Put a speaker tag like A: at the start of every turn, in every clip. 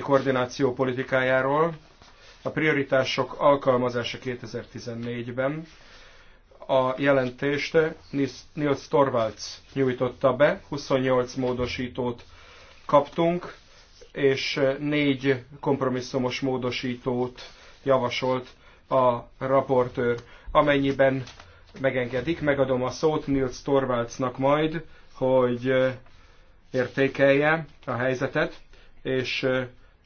A: koordináció politikájáról, a prioritások alkalmazása 2014-ben. A jelentést Nils Torvalds nyújtotta be, 28 módosítót kaptunk, és négy kompromisszumos módosítót javasolt a raportőr. Amennyiben megengedik, megadom a szót Nils Torvaldsnak majd, hogy értékelje a helyzetet, és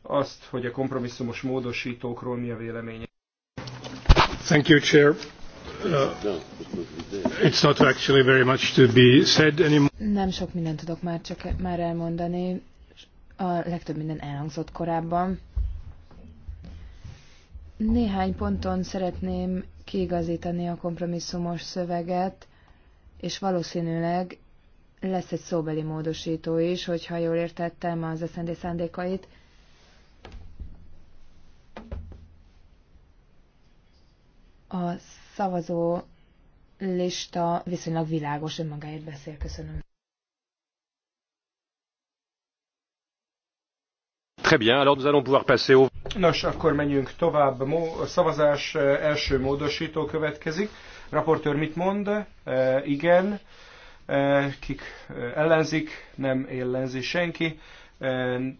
A: azt, hogy a kompromisszumos módosítókról mi a véleménye. Thank you, Chair. Uh,
B: it's not actually very much to be said anymore.
C: Nem sok mindent tudok már csak már elmondani. A legtöbb minden elhangzott korábban. Néhány ponton szeretném kiigazítani a kompromisszumos szöveget, és valószínűleg lesz egy szóbeli módosító is, hogyha jól értettem az eszendé szándékait. a szavazó lista viszonylag világos önmagáért beszél. Köszönöm.
B: Très bien, alors nous allons pouvoir passer au...
A: Nos, akkor menjünk tovább. A szavazás eh, első módosító következik. Raportőr mit mond? E, igen. E, kik ellenzik? Nem ellenzi senki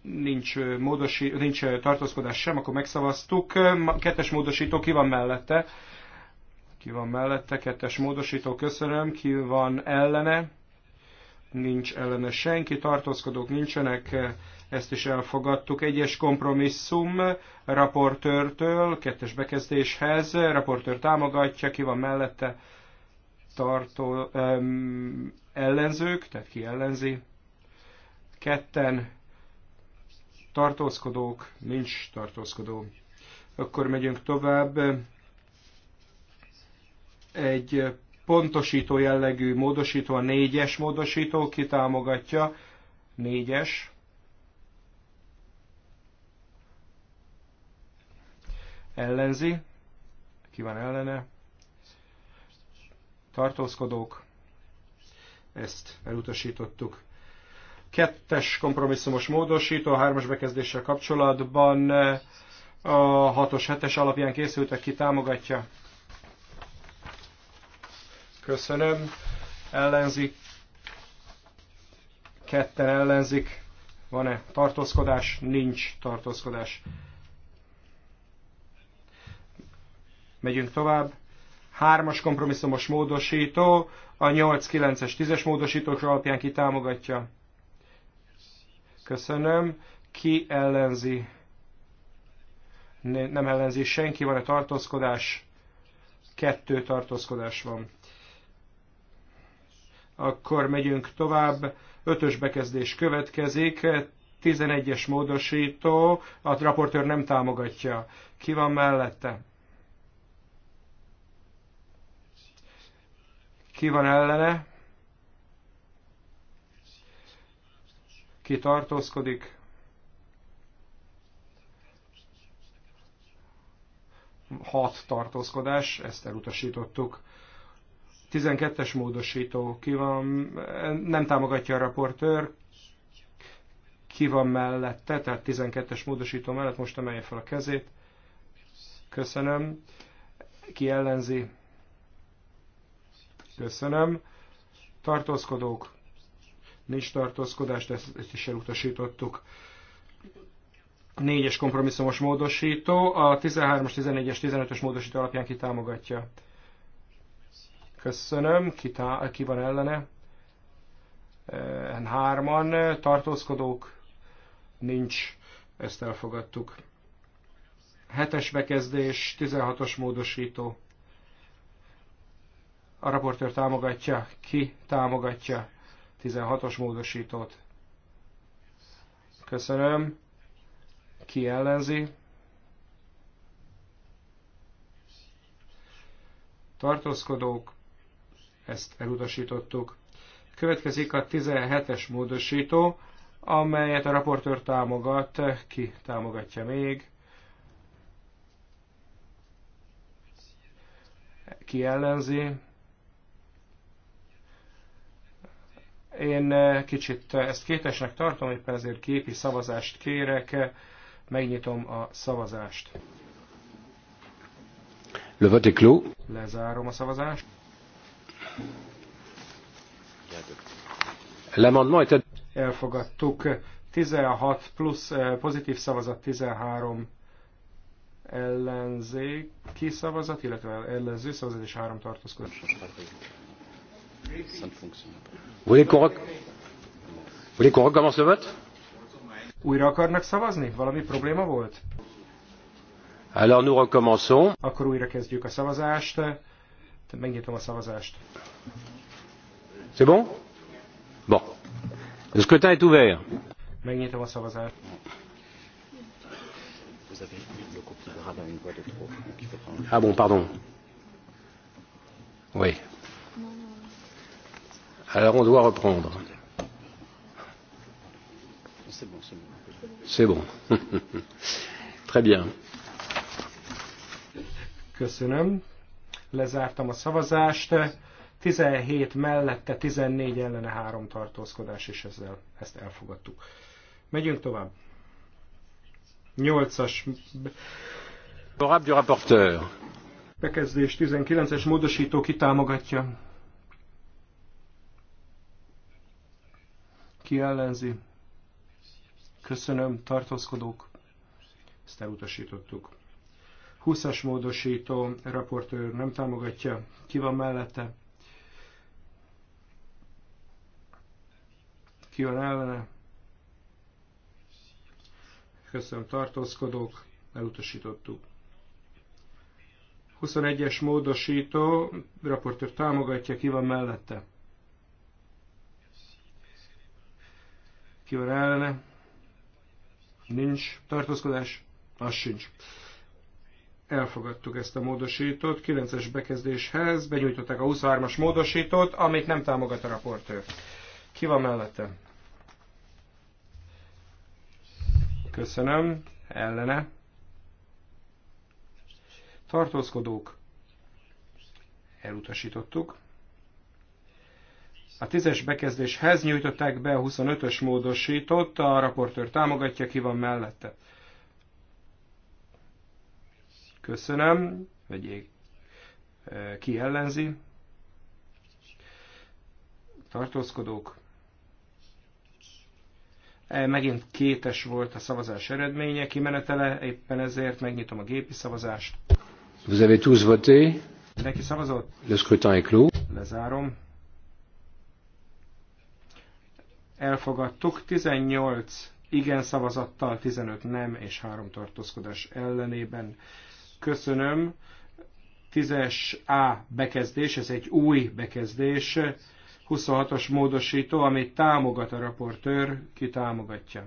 A: nincs, módosi, nincs tartózkodás sem, akkor megszavaztuk. Kettes módosító ki van mellette, ki van mellette? Kettes módosító, köszönöm. Ki van ellene? Nincs ellene senki, tartózkodók nincsenek, ezt is elfogadtuk. Egyes kompromisszum raportőrtől, kettes bekezdéshez, raportőr támogatja, ki van mellette? Tartó, öm, ellenzők, tehát ki ellenzi? Ketten tartózkodók, nincs tartózkodó. Akkor megyünk tovább egy pontosító jellegű módosító, a négyes módosító kitámogatja, négyes. Ellenzi, ki van ellene, tartózkodók, ezt elutasítottuk. Kettes kompromisszumos módosító a hármas bekezdéssel kapcsolatban a hatos hetes alapján készültek, ki támogatja Köszönöm. Ellenzik. Ketten ellenzik. Van-e tartózkodás? Nincs tartózkodás. Megyünk tovább. Hármas kompromisszumos módosító a 8, 9-es, 10-es módosítók alapján ki támogatja. Köszönöm. Ki ellenzi? Nem ellenzi senki, van-e tartózkodás? Kettő tartózkodás van. Akkor megyünk tovább, ötös bekezdés következik, 11-es módosító, a raportőr nem támogatja. Ki van mellette? Ki van ellene? Ki tartózkodik? Hat tartózkodás, ezt elutasítottuk. 12-es módosító, ki van, nem támogatja a raportőr, ki van mellette, tehát 12-es módosító mellett most emelje fel a kezét. Köszönöm. Ki ellenzi? Köszönöm. Tartózkodók. Nincs tartózkodás, ezt, ezt is elutasítottuk. Négyes kompromisszumos módosító. A 13-as, 14-es, 15-ös módosító alapján ki támogatja. Köszönöm. Ki, tá, ki van ellene? Hárman tartózkodók? Nincs. Ezt elfogadtuk. Hetes bekezdés, 16-os módosító. A raportőr támogatja. Ki támogatja 16-os módosítót? Köszönöm. Ki ellenzi? Tartózkodók ezt elutasítottuk. Következik a 17-es módosító, amelyet a raportőr támogat, ki támogatja még, ki ellenzi. Én eh, kicsit ezt kétesnek tartom, éppen ezért képi szavazást kérek, megnyitom a szavazást.
B: Le vote est clos.
A: Lezárom a szavazást. Elfogadtuk. 16 plusz eh, pozitív szavazat 13 ellenzéki szavazat, illetve ellenző szavazat és három tartózkodás. Újra akarnak szavazni? Valami probléma volt?
B: Alors nous recommençons.
A: Akkor újra kezdjük a szavazást. Megnyitom a szavazást.
B: C'est bon? Bon. Le scrutin est ouvert.
A: Megnyitom a szavazást.
C: Ah
B: bon, pardon. Oui. Alors on doit reprendre. C'est bon. c'est C'est bon. bon. Très bien.
A: Köszönöm. Lezártam a szavazást. 17 mellette, 14 ellene, 3 tartózkodás, és ezzel ezt elfogadtuk. Megyünk tovább. 8-as. Bekezdés 19-es módosító kitámogatja. Ki ellenzi? Köszönöm, tartózkodók. Ezt elutasítottuk. 20-as módosító raportőr nem támogatja. Ki van mellette? Ki van ellene? Köszönöm, tartózkodók, elutasítottuk. 21-es módosító, raportőr támogatja, ki van mellette? Ki van ellene? Nincs tartózkodás? Az sincs elfogadtuk ezt a módosítót. 9-es bekezdéshez benyújtották a 23-as módosítót, amit nem támogat a raportőr. Ki van mellette? Köszönöm. Ellene. Tartózkodók. Elutasítottuk. A 10-es bekezdéshez nyújtották be a 25-ös módosítót, a raportőr támogatja, ki van mellette. Köszönöm. Vegyék. Eh, ki ellenzi? Tartózkodók. E, megint kétes volt a szavazás eredménye, kimenetele, éppen ezért megnyitom a gépi szavazást.
B: Vous avez tous voté?
A: Mindenki szavazott? Le scrutin est clos. Lezárom. Elfogadtuk 18 igen szavazattal, 15 nem és 3 tartózkodás ellenében. Köszönöm. 10-es A bekezdés, ez egy új bekezdés, 26-os módosító, amit támogat a raportőr, ki támogatja.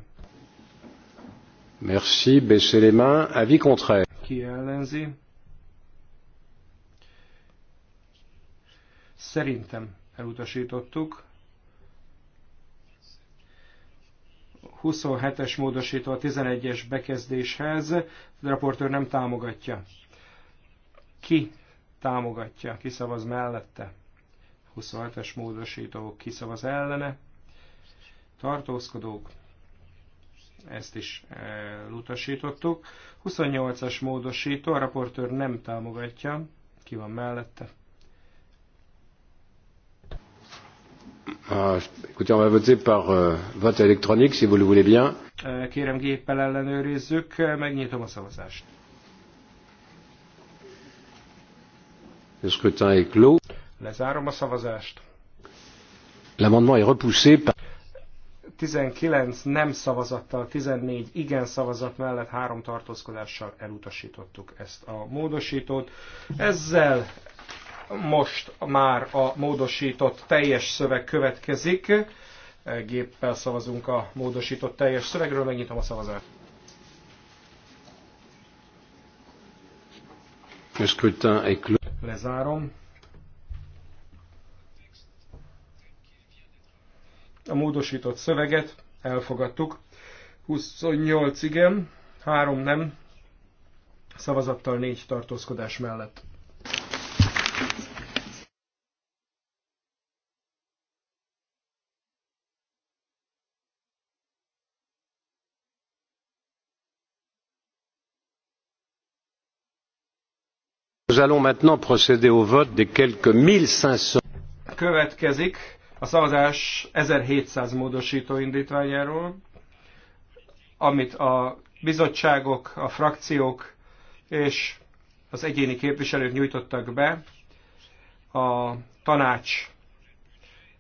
B: Merci, baissez les mains, avis contraire.
A: Ki ellenzi? Szerintem elutasítottuk. 27-es módosító a 11-es bekezdéshez, a raportőr nem támogatja. Ki támogatja, ki szavaz mellette? 27-es módosító, ki szavaz ellene? Tartózkodók, ezt is elutasítottuk. 28-as módosító, a raportőr nem támogatja, ki van mellette? Kérem géppel ellenőrizzük, eh, megnyitom a szavazást.
B: Le scrutin est clos.
A: Lezárom a szavazást.
B: L'amendement est repoussé
A: par... 19 nem szavazattal, 14 igen szavazat mellett három tartózkodással elutasítottuk ezt a módosítót. Ezzel most már a módosított teljes szöveg következik. Géppel szavazunk a módosított teljes szövegről, megnyitom a szavazást. Lezárom. A módosított szöveget elfogadtuk. 28 igen, 3 nem, szavazattal 4 tartózkodás mellett.
B: Nous allons maintenant procéder au vote des quelques 1500.
A: Következik a szavazás 1700 módosító indítványáról, amit a bizottságok, a frakciók és az egyéni képviselők nyújtottak be a tanács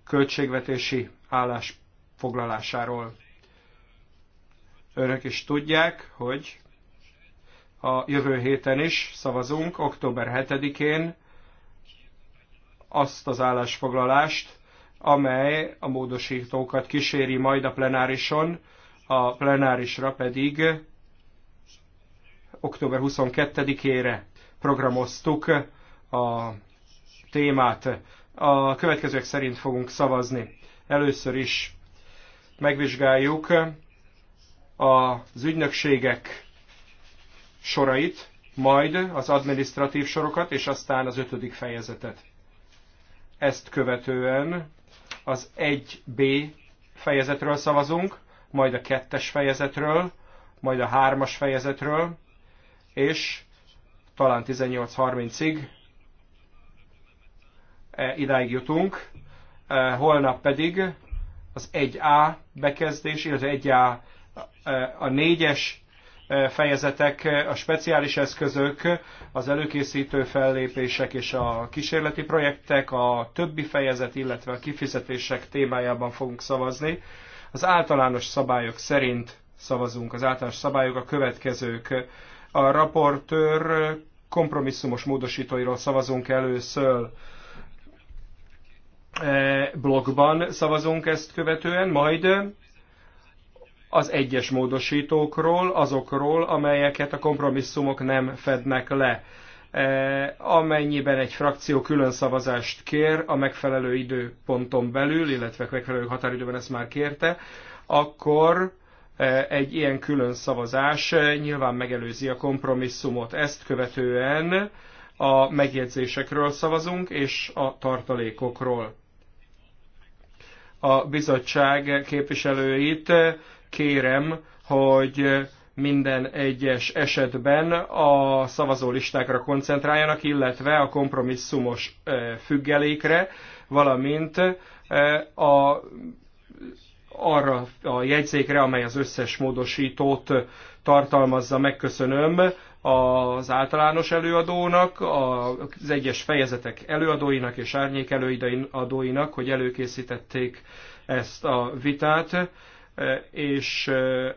A: költségvetési állásfoglalásáról. Önök is tudják, hogy a jövő héten is szavazunk, október 7-én azt az állásfoglalást, amely a módosítókat kíséri majd a plenárison, a plenárisra pedig október 22-ére programoztuk a témát. A következők szerint fogunk szavazni. Először is megvizsgáljuk az ügynökségek sorait, majd az administratív sorokat, és aztán az ötödik fejezetet. Ezt követően az 1B fejezetről szavazunk, majd a kettes fejezetről, majd a hármas fejezetről, és talán 18.30-ig e, idáig jutunk, e, holnap pedig az 1A bekezdés, illetve 1A a 4-es, e, fejezetek, a speciális eszközök, az előkészítő fellépések és a kísérleti projektek, a többi fejezet, illetve a kifizetések témájában fogunk szavazni. Az általános szabályok szerint szavazunk. Az általános szabályok a következők. A raportőr kompromisszumos módosítóiról szavazunk először e, blogban szavazunk ezt követően, majd az egyes módosítókról, azokról, amelyeket a kompromisszumok nem fednek le. E, amennyiben egy frakció külön szavazást kér a megfelelő időponton belül, illetve a megfelelő határidőben ezt már kérte, akkor e, egy ilyen külön szavazás e, nyilván megelőzi a kompromisszumot. Ezt követően a megjegyzésekről szavazunk, és a tartalékokról. A bizottság képviselőit kérem, hogy minden egyes esetben a szavazólistákra koncentráljanak, illetve a kompromisszumos függelékre, valamint a, arra a jegyzékre, amely az összes módosítót tartalmazza. Megköszönöm az általános előadónak, az egyes fejezetek előadóinak és árnyék előadóinak, hogy előkészítették ezt a vitát. Eh, és eh,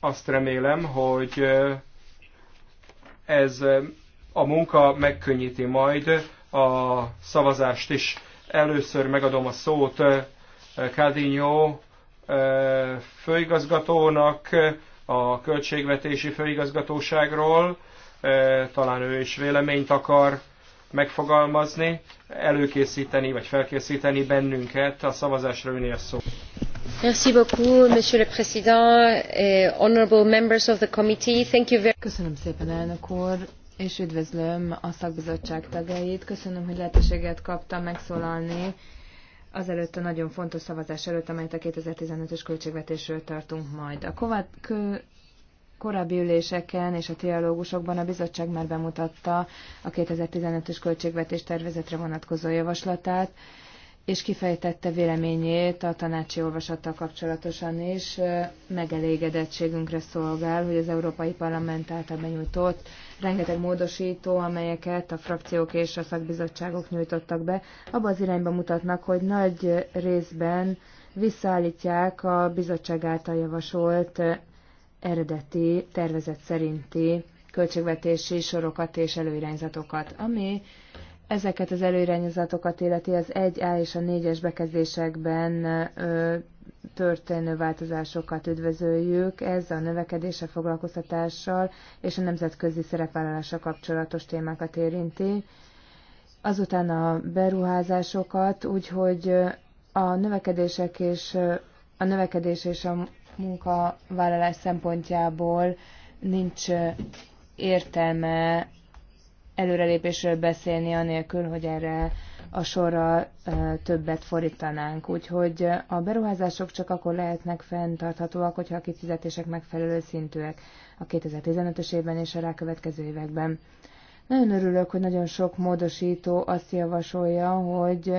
A: azt remélem, hogy eh, ez a munka megkönnyíti majd a szavazást is. Először megadom a szót Kádinyó főigazgatónak a költségvetési főigazgatóságról. Talán ő is véleményt akar megfogalmazni, előkészíteni vagy felkészíteni bennünket a szavazásra önél szó.
C: Eh, Köszönöm szépen, elnök úr, és üdvözlöm a szakbizottság tagjait. Köszönöm, hogy lehetőséget kaptam megszólalni azelőtt a nagyon fontos szavazás előtt, amelyet a 2015-ös költségvetésről tartunk majd. A korábbi üléseken és a trialógusokban a bizottság már bemutatta a 2015-ös költségvetés tervezetre vonatkozó javaslatát és kifejtette véleményét a tanácsi olvasattal kapcsolatosan is. Megelégedettségünkre szolgál, hogy az Európai Parlament által benyújtott rengeteg módosító, amelyeket a frakciók és a szakbizottságok nyújtottak be, abban az irányba mutatnak, hogy nagy részben visszaállítják a bizottság által javasolt eredeti tervezet szerinti költségvetési sorokat és előirányzatokat, ami ezeket az előirányozatokat illeti az 1A és a 4-es bekezdésekben ö, történő változásokat üdvözöljük. Ez a növekedése foglalkoztatással és a nemzetközi szerepvállalása kapcsolatos témákat érinti. Azután a beruházásokat, úgyhogy a növekedések és a növekedés és a munkavállalás szempontjából nincs értelme előrelépésről beszélni, anélkül, hogy erre a sorra többet fordítanánk. Úgyhogy a beruházások csak akkor lehetnek fenntarthatóak, hogyha a kifizetések megfelelő szintűek a 2015-ös évben és a rákövetkező években. Nagyon örülök, hogy nagyon sok módosító azt javasolja, hogy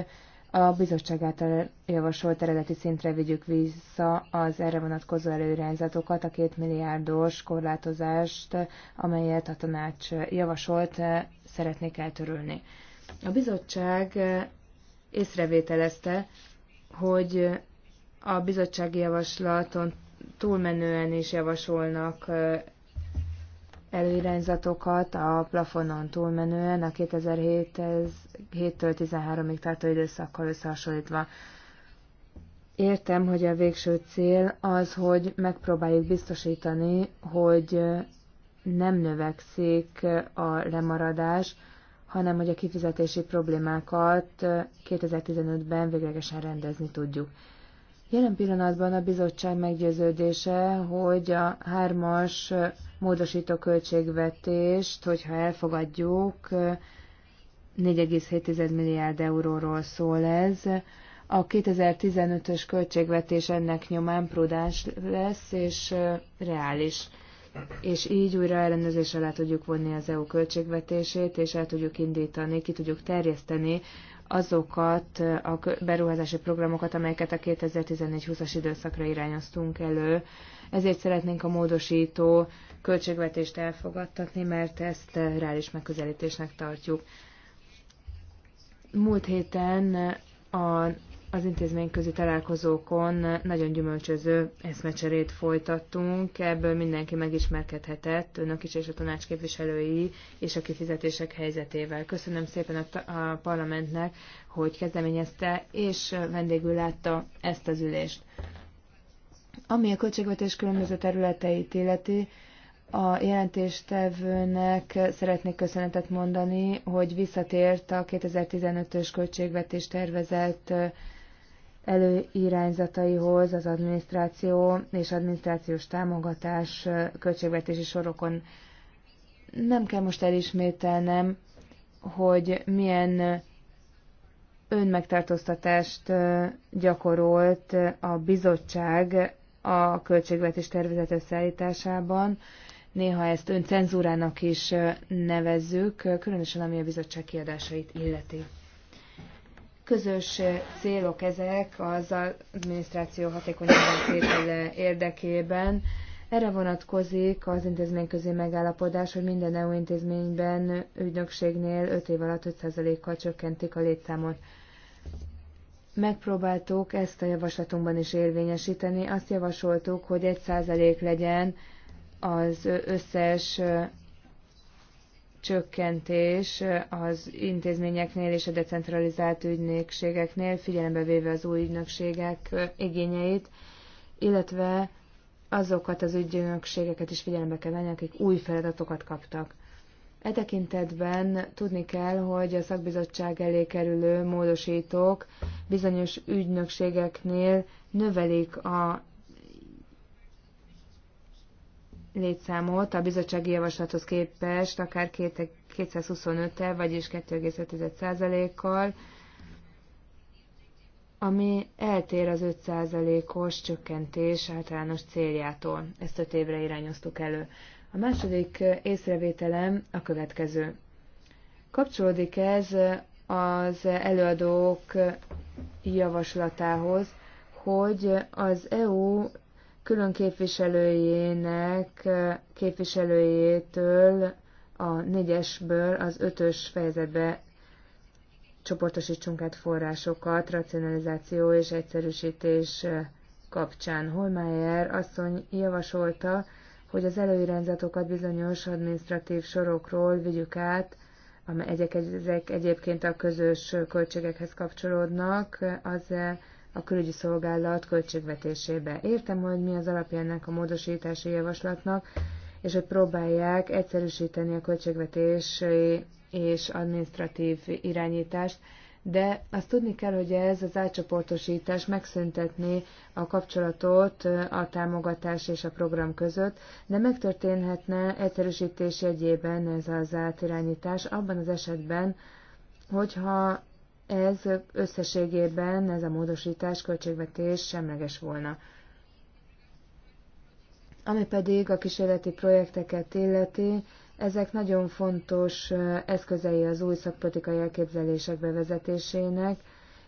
C: a bizottság által javasolt eredeti szintre vigyük vissza az erre vonatkozó előirányzatokat, a két milliárdos korlátozást, amelyet a tanács javasolt, szeretnék eltörölni. A bizottság észrevételezte, hogy a bizottsági javaslaton túlmenően is javasolnak előirányzatokat a plafonon túlmenően a 2007-től 13-ig tartó időszakkal összehasonlítva. Értem, hogy a végső cél az, hogy megpróbáljuk biztosítani, hogy nem növekszik a lemaradás, hanem hogy a kifizetési problémákat 2015-ben véglegesen rendezni tudjuk. Jelen pillanatban a bizottság meggyőződése, hogy a hármas módosító költségvetést, hogyha elfogadjuk, 4,7 milliárd euróról szól ez. A 2015-ös költségvetés ennek nyomán prudens lesz és reális. És így újra ellenőrzés alá tudjuk vonni az EU költségvetését, és el tudjuk indítani, ki tudjuk terjeszteni azokat a beruházási programokat, amelyeket a 2014-20-as időszakra irányoztunk elő. Ezért szeretnénk a módosító költségvetést elfogadtatni, mert ezt reális megközelítésnek tartjuk. Múlt héten a az közi találkozókon nagyon gyümölcsöző eszmecserét folytattunk, ebből mindenki megismerkedhetett, önök is és a tanács képviselői és a kifizetések helyzetével. Köszönöm szépen a, a parlamentnek, hogy kezdeményezte és vendégül látta ezt az ülést. Ami a költségvetés különböző területeit illeti, a jelentéstevőnek szeretnék köszönetet mondani, hogy visszatért a 2015-ös költségvetés tervezett előirányzataihoz az adminisztráció és adminisztrációs támogatás költségvetési sorokon. Nem kell most elismételnem, hogy milyen önmegtartóztatást gyakorolt a bizottság a költségvetés tervezet összeállításában. Néha ezt öncenzúrának is nevezzük, különösen ami a bizottság kiadásait illeti. Közös célok ezek az adminisztráció hatékonyabb tétele érdekében. Erre vonatkozik az intézményközi megállapodás, hogy minden EU intézményben, ügynökségnél 5 év alatt 5%-kal csökkentik a létszámot. Megpróbáltuk ezt a javaslatunkban is érvényesíteni. Azt javasoltuk, hogy 1% legyen az összes csökkentés az intézményeknél és a decentralizált ügynökségeknél, figyelembe véve az új ügynökségek igényeit, illetve azokat az ügynökségeket is figyelembe kell venni, akik új feladatokat kaptak. E tekintetben tudni kell, hogy a szakbizottság elé kerülő módosítók bizonyos ügynökségeknél növelik a létszámot a bizottsági javaslathoz képest akár 225-tel, vagyis 2,5%-kal, ami eltér az 5%-os csökkentés általános céljától. Ezt 5 évre irányoztuk elő. A második észrevételem a következő. Kapcsolódik ez az előadók javaslatához, hogy az EU külön képviselőjének képviselőjétől a négyesből az ötös fejezetbe csoportosítsunk át forrásokat racionalizáció és egyszerűsítés kapcsán. Holmeyer asszony javasolta, hogy az előirányzatokat bizonyos administratív sorokról vigyük át, amelyek ezek egyébként a közös költségekhez kapcsolódnak, az a külügyi szolgálat költségvetésébe. Értem, hogy mi az alapja ennek a módosítási javaslatnak, és hogy próbálják egyszerűsíteni a költségvetés és administratív irányítást, de azt tudni kell, hogy ez az átcsoportosítás megszüntetné a kapcsolatot a támogatás és a program között, de megtörténhetne egyszerűsítés jegyében ez az átirányítás abban az esetben, hogyha ez összességében ez a módosítás költségvetés semleges volna. Ami pedig a kísérleti projekteket illeti, ezek nagyon fontos eh, eszközei az új szakpolitikai elképzelések bevezetésének,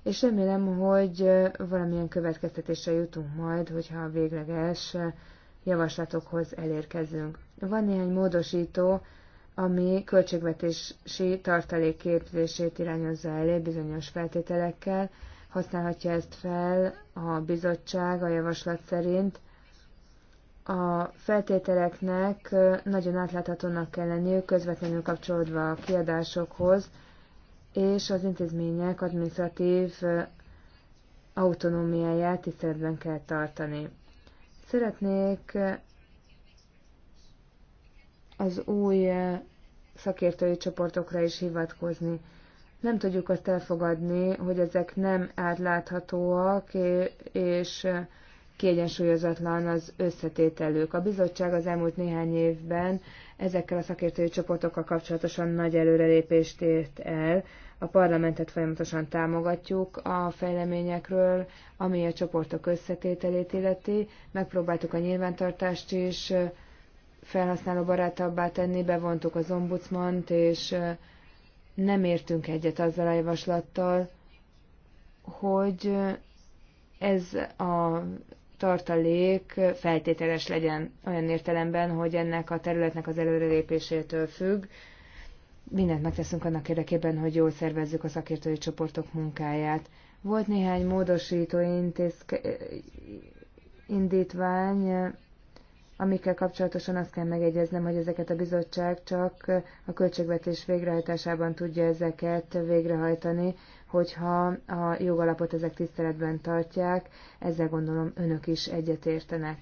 C: és remélem, hogy eh, valamilyen következtetésre jutunk majd, hogyha a végleges eh, javaslatokhoz elérkezünk. Van néhány módosító, ami költségvetési tartalék képzését irányozza elé bizonyos feltételekkel, használhatja ezt fel a bizottság a javaslat szerint. A feltételeknek nagyon átláthatónak kell lenniük, közvetlenül kapcsolódva a kiadásokhoz, és az intézmények administratív autonómiáját tiszteletben kell tartani. Szeretnék az új eh, szakértői csoportokra is hivatkozni. Nem tudjuk azt elfogadni, hogy ezek nem átláthatóak és eh, kiegyensúlyozatlan az összetételük. A bizottság az elmúlt néhány évben ezekkel a szakértői csoportokkal kapcsolatosan nagy előrelépést ért el. A parlamentet folyamatosan támogatjuk a fejleményekről, ami a csoportok összetételét illeti. Megpróbáltuk a nyilvántartást is eh, felhasználó barátabbá tenni, bevontuk az ombudsmant, és nem értünk egyet azzal a javaslattal, hogy ez a tartalék feltételes legyen olyan értelemben, hogy ennek a területnek az előrelépésétől függ. Mindent megteszünk annak érdekében, hogy jól szervezzük a szakértői csoportok munkáját. Volt néhány módosító intézke, indítvány, amikkel kapcsolatosan azt kell megegyeznem, hogy ezeket a bizottság csak a költségvetés végrehajtásában tudja ezeket végrehajtani, hogyha a jogalapot ezek tiszteletben tartják, ezzel gondolom önök is egyetértenek.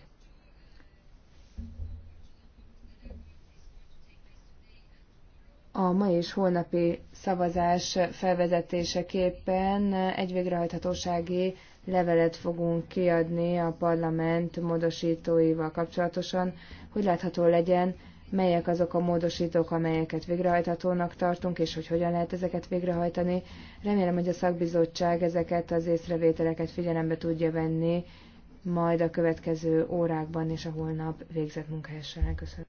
C: A mai és holnapi szavazás felvezetéseképpen egy végrehajthatósági levelet fogunk kiadni a parlament módosítóival kapcsolatosan, hogy látható legyen, melyek azok a módosítók, amelyeket végrehajthatónak tartunk, és hogy hogyan lehet ezeket végrehajtani. Remélem, hogy a szakbizottság ezeket az észrevételeket figyelembe tudja venni, majd a következő órákban és a holnap végzett munkahelyesen. Köszönöm.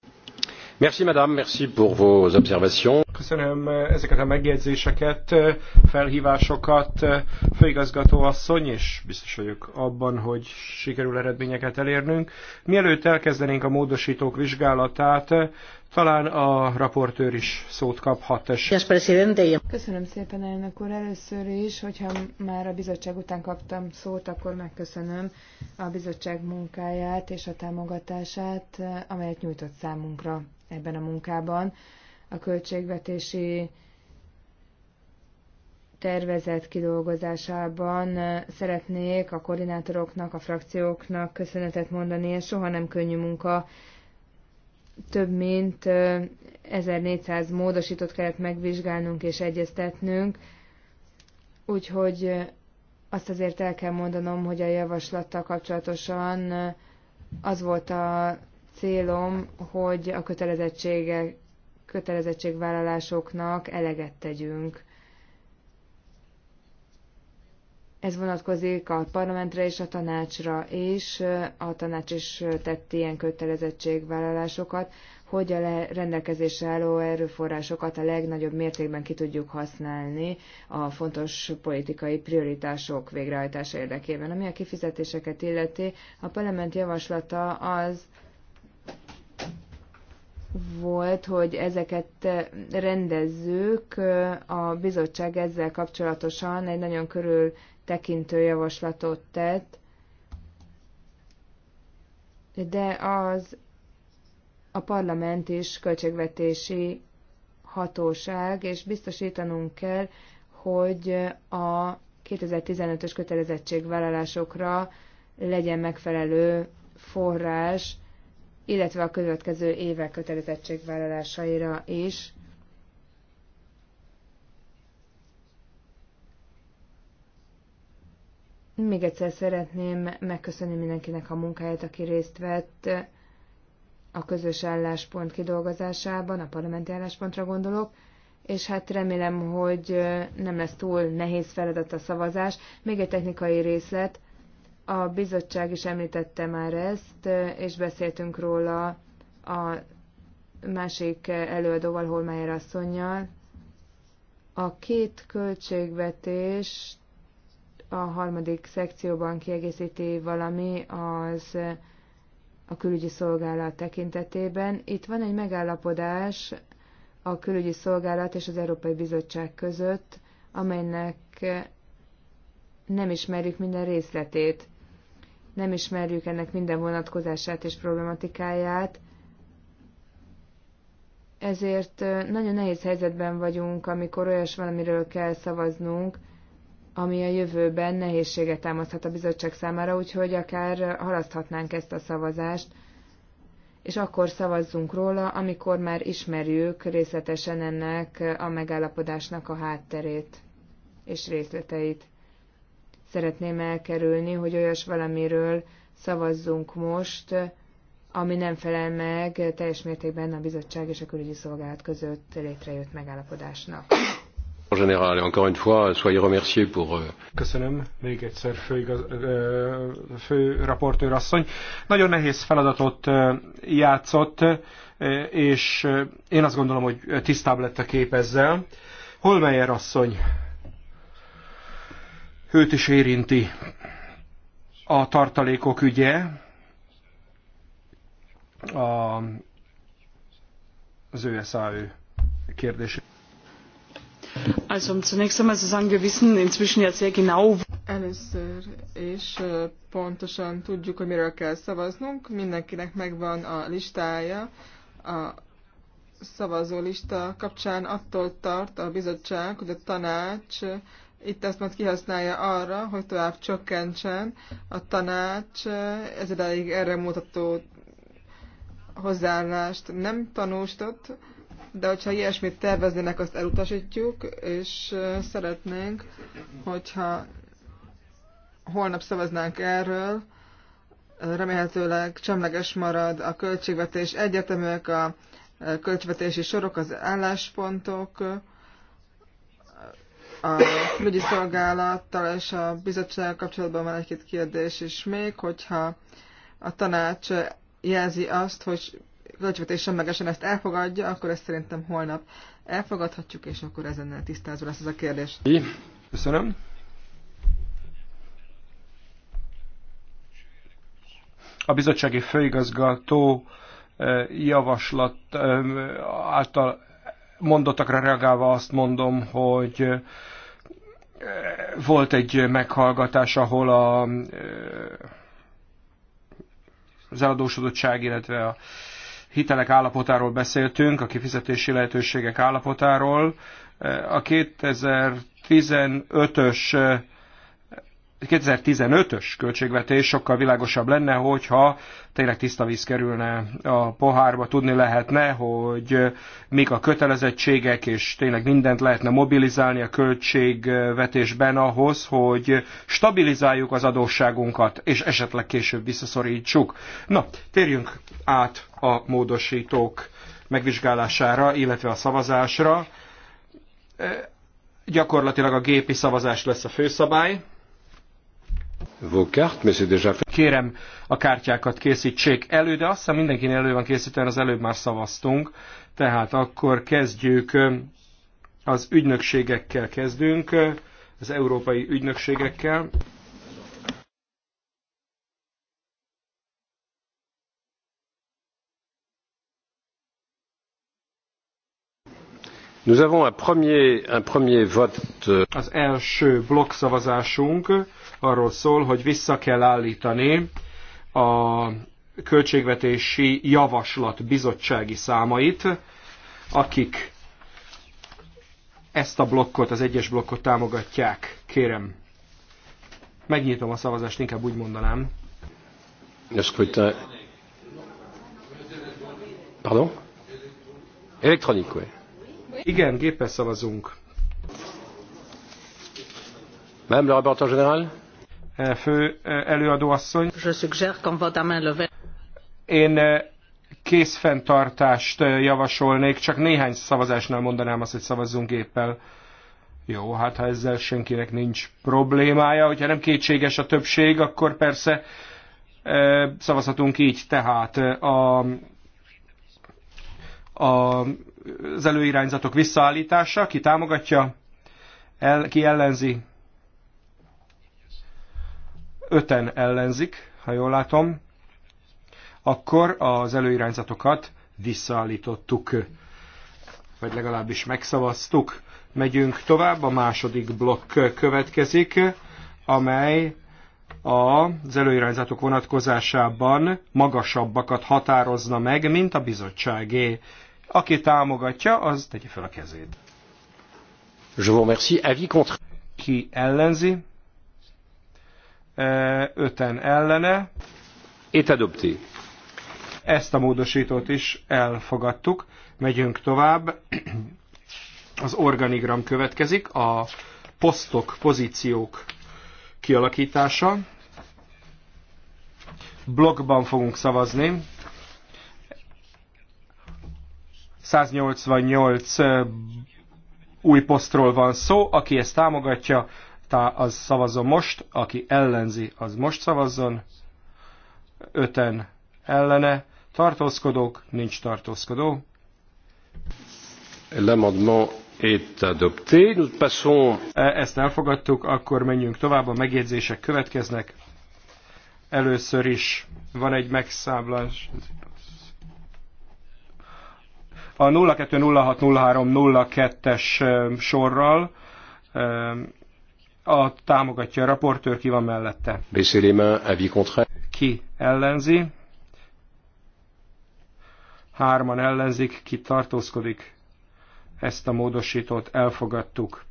B: Merci, madame, merci pour vos observations.
A: Köszönöm eh, ezeket a megjegyzéseket, eh, felhívásokat, eh, főigazgató asszony, és biztos vagyok abban, hogy sikerül eredményeket elérnünk. Mielőtt elkezdenénk a módosítók vizsgálatát, talán a raportőr is szót kaphat.
C: Köszönöm szépen, elnök úr. Először is, hogyha már a bizottság után kaptam szót, akkor megköszönöm a bizottság munkáját és a támogatását, amelyet nyújtott számunkra ebben a munkában. A költségvetési tervezet kidolgozásában szeretnék a koordinátoroknak, a frakcióknak köszönetet mondani. Ez soha nem könnyű munka. Több mint 1400 módosított kellett megvizsgálnunk és egyeztetnünk, úgyhogy azt azért el kell mondanom, hogy a javaslattal kapcsolatosan az volt a célom, hogy a kötelezettségek, kötelezettségvállalásoknak eleget tegyünk. Ez vonatkozik a parlamentre és a tanácsra, és a tanács is tett ilyen kötelezettségvállalásokat, hogy a rendelkezésre álló erőforrásokat a legnagyobb mértékben ki tudjuk használni a fontos politikai prioritások végrehajtása érdekében. Ami a kifizetéseket illeti, a parlament javaslata az, volt, hogy ezeket eh, rendezzük. Eh, a bizottság ezzel kapcsolatosan egy nagyon körültekintő javaslatot tett, de az a parlament is költségvetési hatóság, és biztosítanunk kell, hogy a 2015-ös kötelezettségvállalásokra legyen megfelelő forrás, illetve a következő évek kötelezettségvállalásaira is. Még egyszer szeretném megköszönni mindenkinek a munkáját, aki részt vett a közös álláspont kidolgozásában, a parlamenti álláspontra gondolok, és hát remélem, hogy nem lesz túl nehéz feladat a szavazás. Még egy technikai részlet, a bizottság is említette már ezt, és beszéltünk róla a másik előadóval, Holmeyer asszonynal. A két költségvetés a harmadik szekcióban kiegészíti valami az a külügyi szolgálat tekintetében. Itt van egy megállapodás a külügyi szolgálat és az Európai Bizottság között, amelynek nem ismerjük minden részletét nem ismerjük ennek minden vonatkozását és problematikáját, ezért nagyon nehéz helyzetben vagyunk, amikor olyas valamiről kell szavaznunk, ami a jövőben nehézséget támaszhat a bizottság számára, úgyhogy akár halaszthatnánk ezt a szavazást, és akkor szavazzunk róla, amikor már ismerjük részletesen ennek a megállapodásnak a hátterét és részleteit szeretném elkerülni, hogy olyas valamiről szavazzunk most, ami nem felel meg teljes mértékben a bizottság és a külügyi szolgálat között létrejött megállapodásnak.
B: General, encore une fois, soyez remercié pour... Euh,
A: Köszönöm még egyszer főigaz, fő raportőr asszony. Nagyon nehéz feladatot játszott, és én azt gondolom, hogy tisztább lett a kép ezzel. Holmeyer asszony Őt is érinti a tartalékok ügye, a, az ÖSAÖ kérdése.
D: Also um, zunächst einmal sagen, wir wissen inzwischen ja sehr genau. Először és pontosan tudjuk, hogy miről kell szavaznunk. Mindenkinek megvan a listája. A szavazólista kapcsán attól tart a bizottság, hogy a tanács itt ezt majd kihasználja arra, hogy tovább csökkentsen a tanács eh, ez ideig erre mutató hozzáállást nem tanúsított, de hogyha ilyesmit terveznének, azt elutasítjuk, és eh, szeretnénk, hogyha holnap szavaznánk erről, remélhetőleg csemleges marad a költségvetés egyetemek, a eh, költségvetési sorok, az álláspontok, a ügyi szolgálattal és a bizottsággal kapcsolatban van egy-két kérdés is még, hogyha a tanács jelzi azt, hogy és semlegesen ezt elfogadja, akkor ezt szerintem holnap elfogadhatjuk, és akkor ezennel tisztázva lesz ez a kérdés.
A: Köszönöm. A bizottsági főigazgató eh, javaslat eh, által mondottakra reagálva azt mondom, hogy eh, volt egy meghallgatás, ahol a, az eladósodottság, illetve a hitelek állapotáról beszéltünk, a kifizetési lehetőségek állapotáról. A 2015-ös 2015-ös költségvetés sokkal világosabb lenne, hogyha tényleg tiszta víz kerülne a pohárba, tudni lehetne, hogy mik a kötelezettségek, és tényleg mindent lehetne mobilizálni a költségvetésben ahhoz, hogy stabilizáljuk az adósságunkat, és esetleg később visszaszorítsuk. Na, térjünk át a módosítók megvizsgálására, illetve a szavazásra. Gyakorlatilag a gépi szavazás lesz a főszabály Kérem, a kártyákat készítsék elő, de azt hiszem mindenkinek elő van készítve, az előbb már szavaztunk. Tehát akkor kezdjük, az ügynökségekkel kezdünk, az európai ügynökségekkel. Nous avons un premier, un premier vote. Euh, az első blokkszavazásunk arról szól, hogy vissza kell állítani a költségvetési javaslat bizottsági számait, akik ezt a blokkot, az egyes blokkot támogatják. Kérem, megnyitom a szavazást, inkább úgy mondanám.
B: Pardon? Elektronik, Igen, géppel szavazunk.
A: Madame le rapporteur général fő eh, előadóasszony. Én eh, készfenntartást eh, javasolnék, csak néhány szavazásnál mondanám azt, hogy szavazzunk géppel. Jó, hát ha ezzel senkinek nincs problémája, hogyha nem kétséges a többség, akkor persze szavazhatunk így. Tehát a, a, az előirányzatok visszaállítása, ki támogatja, el, ki ellenzi, öten ellenzik, ha jól látom, akkor az előirányzatokat visszaállítottuk, vagy legalábbis megszavaztuk. Megyünk tovább, a második blokk következik, amely az előirányzatok vonatkozásában magasabbakat határozna meg, mint a bizottságé. Aki támogatja, az tegye fel a kezét. Je vous remercie. Avis contre. Ki ellenzi? E, öten ellene. Et adopté. Ezt a módosítót is elfogadtuk. Megyünk tovább. Az organigram következik, a posztok, pozíciók kialakítása. Blokkban fogunk szavazni. 188 új posztról van szó, aki ezt támogatja, tá az szavazzon most, aki ellenzi, az most szavazzon, öten ellene, tartózkodók, nincs tartózkodó.
B: L'amendement est adopté.
A: Nous passons... E, ezt elfogadtuk, akkor menjünk tovább, a megjegyzések következnek. Először is van egy megszáblás. A 02060302-es sorral a támogatja a raportőr, ki van mellette. Ki ellenzi? Hárman ellenzik, ki tartózkodik? Ezt a módosítót elfogadtuk.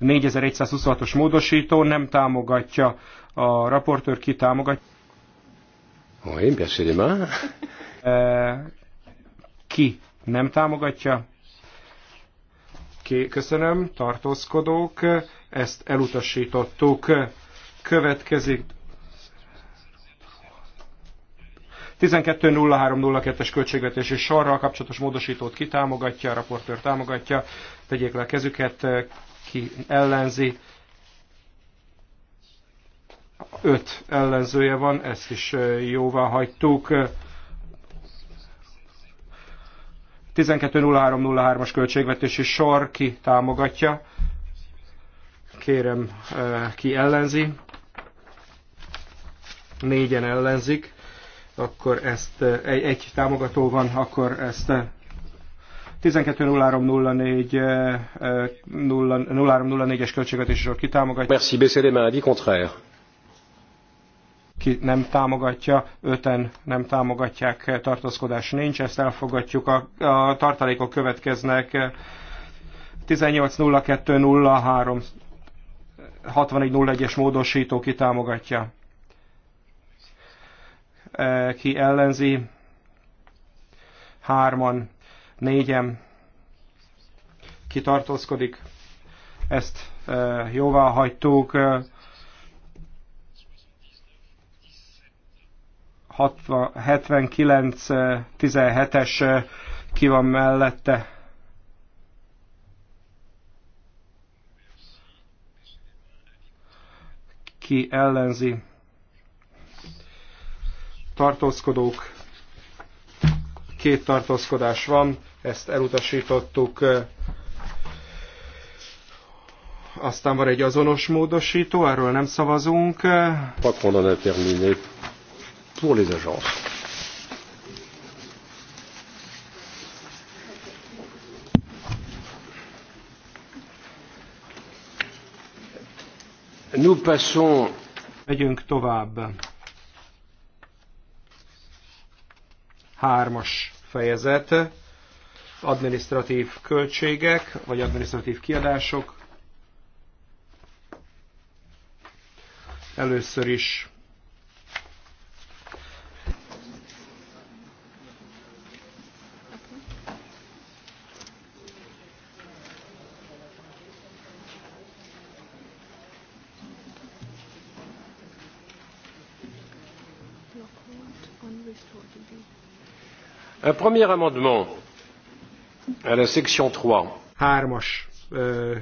A: A 4126-os módosító nem támogatja a raportőr, ki támogatja?
B: Oui, bien sûr,
A: eh, Ki nem támogatja? Ki, köszönöm, tartózkodók, ezt elutasítottuk. Következik 12.03.02-es költségvetési sorral kapcsolatos módosítót kitámogatja, a raportőr támogatja, tegyék le a kezüket, ki ellenzi, öt ellenzője van, ezt is jóvá hagytuk. 12.03.03-as költségvetési sor, ki támogatja? Kérem, ki ellenzi? Négyen ellenzik. Akkor ezt egy, egy támogató van, akkor ezt 12.03.04 es költségvetési sor kitámogatja. Merci,
B: baissez les mains,
A: contraire ki nem támogatja, öten nem támogatják, tartózkodás nincs, ezt elfogadjuk, a, a tartalékok következnek 18.02.03 61.01-es módosító ki támogatja, e, ki ellenzi, hárman, négyen, ki tartózkodik, ezt e, jóvá hagytuk, 79-17-es eh, ki van mellette. Ki ellenzi. Tartózkodók. Két tartózkodás van, ezt elutasítottuk. Eh. Aztán van egy azonos módosító, erről nem szavazunk. Eh.
B: Pakon a pour les agences.
A: Nous passons Megyünk tovább. Hármas fejezet. Administratív költségek, vagy administratív kiadások. Először is
B: premier amendement à la section 3.
A: Hármas ö,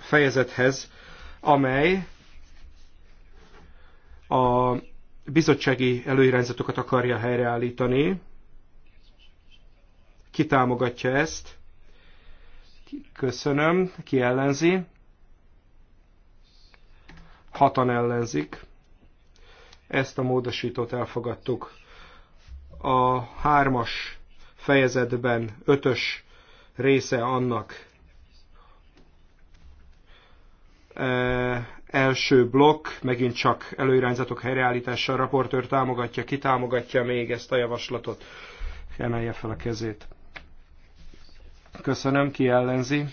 A: fejezethez, amely a bizottsági előirányzatokat akarja helyreállítani. Ki támogatja ezt? Köszönöm. Ki ellenzi? Hatan ellenzik. Ezt a módosítót elfogadtuk. A hármas fejezetben ötös része annak e, első blokk, megint csak előirányzatok helyreállítása, a raportőr támogatja, kitámogatja még ezt a javaslatot. Emelje fel a kezét. Köszönöm, ki ellenzi.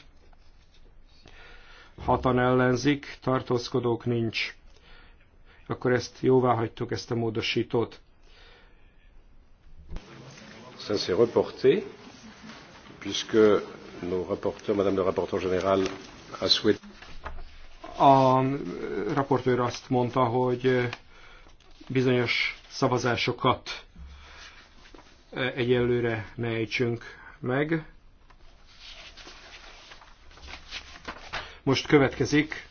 A: Hatan ellenzik, tartózkodók nincs. Akkor ezt jóvá hagytuk, ezt a módosítót
B: ça s'est reporté puisque nos rapporteurs, Madame le rapporteur général a souhaité.
A: A raportőr azt mondta, hogy bizonyos szavazásokat egyelőre ne ejtsünk meg. Most következik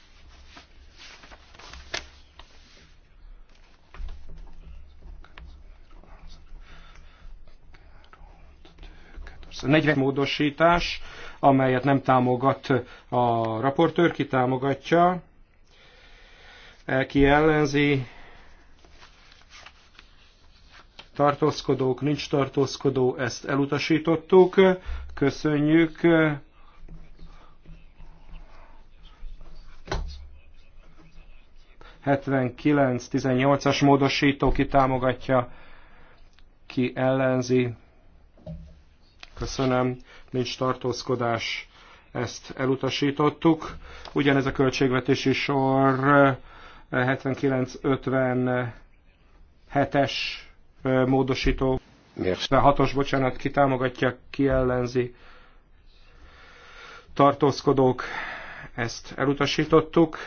A: 40 módosítás, amelyet nem támogat a raportőr, ki támogatja, ki ellenzi, tartózkodók, nincs tartózkodó, ezt elutasítottuk, köszönjük. ...79-18-as módosító ki támogatja, ki ellenzi, Köszönöm. Nincs tartózkodás. Ezt elutasítottuk. Ugyanez a költségvetési sor 79-57-es eh, eh, módosító. 56-os, bocsánat, ki támogatja, ki ellenzi. Tartózkodók, ezt elutasítottuk.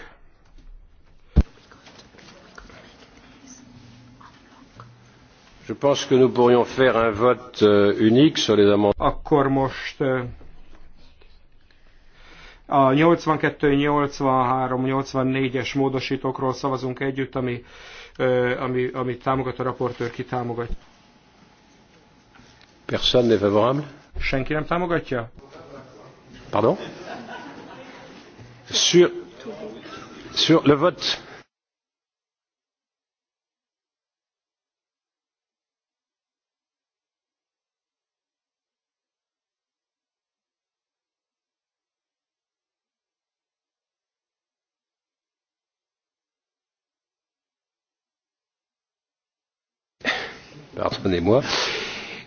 B: Je pense que nous pourrions faire un vote euh, unique sur les amendements.
A: Akkor most euh, a 82, 83, 84-es módosítókról szavazunk együtt, ami, euh, ami, ami támogat a raportőr, ki támogat.
B: Personne n'est favorable?
A: Senki nem támogatja?
B: Pardon? Sur, sur le vote pardonnez-moi,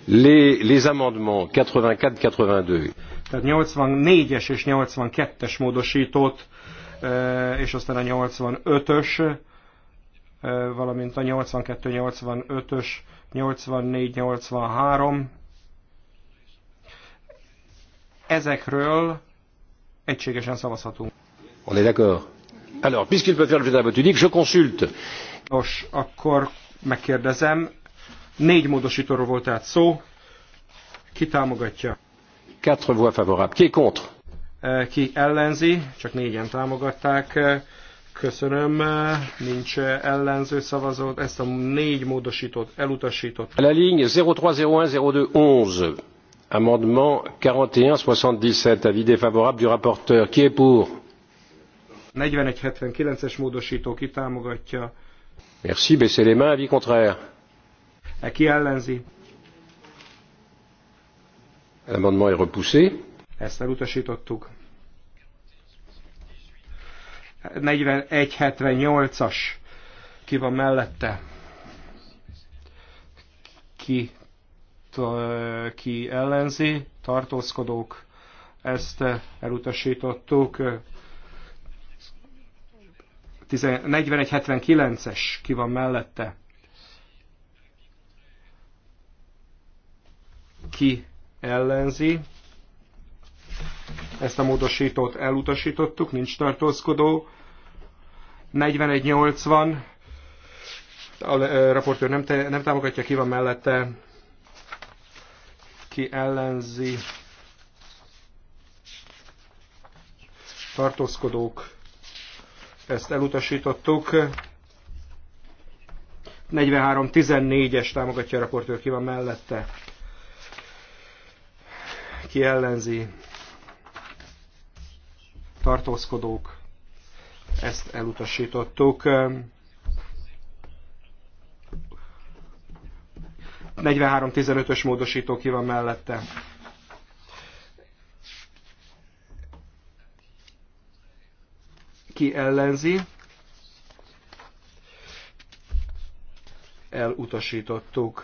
B: les, les amendements 84-82.
A: 84-es és 82-es módosított, eh, és aztán a 85-ös, eh, valamint a 82-85-ös, 84-83. Ezekről egységesen szavazhatunk. On est d'accord. Alors, puisqu'il peut faire le vote unique, je consulte. Nos, akkor megkérdezem, Négy módosítóról volt tehát szó. Ki támogatja? Quatre voix favorables, Qui est contre? Eh, ki ellenzi? Csak négyen támogatták. Köszönöm, nincs ellenző szavazó, ezt a négy módosítót elutasított.
B: La ligne 03010211, amendement 4177, avis défavorable du rapporteur. Qui est pour?
A: 4179-es módosító, ki támogatja?
B: Merci, baissez les mains, avis contraire.
A: Ki ellenzi? L'amendement est repoussé. Ezt elutasítottuk. 4178-as. Ki van mellette? Ki, ki ellenzi? Tartózkodók. Ezt elutasítottuk. 4179-es. Ki van mellette? ki ellenzi. Ezt a módosítót elutasítottuk, nincs tartózkodó. 41-80, a raportőr nem, te, nem támogatja, ki van mellette, ki ellenzi. Tartózkodók, ezt elutasítottuk. 43-14-es támogatja a raportőr, ki van mellette ki ellenzi, tartózkodók, ezt elutasítottuk. 43-15-ös módosító ki van mellette. Ki ellenzi? Elutasítottuk.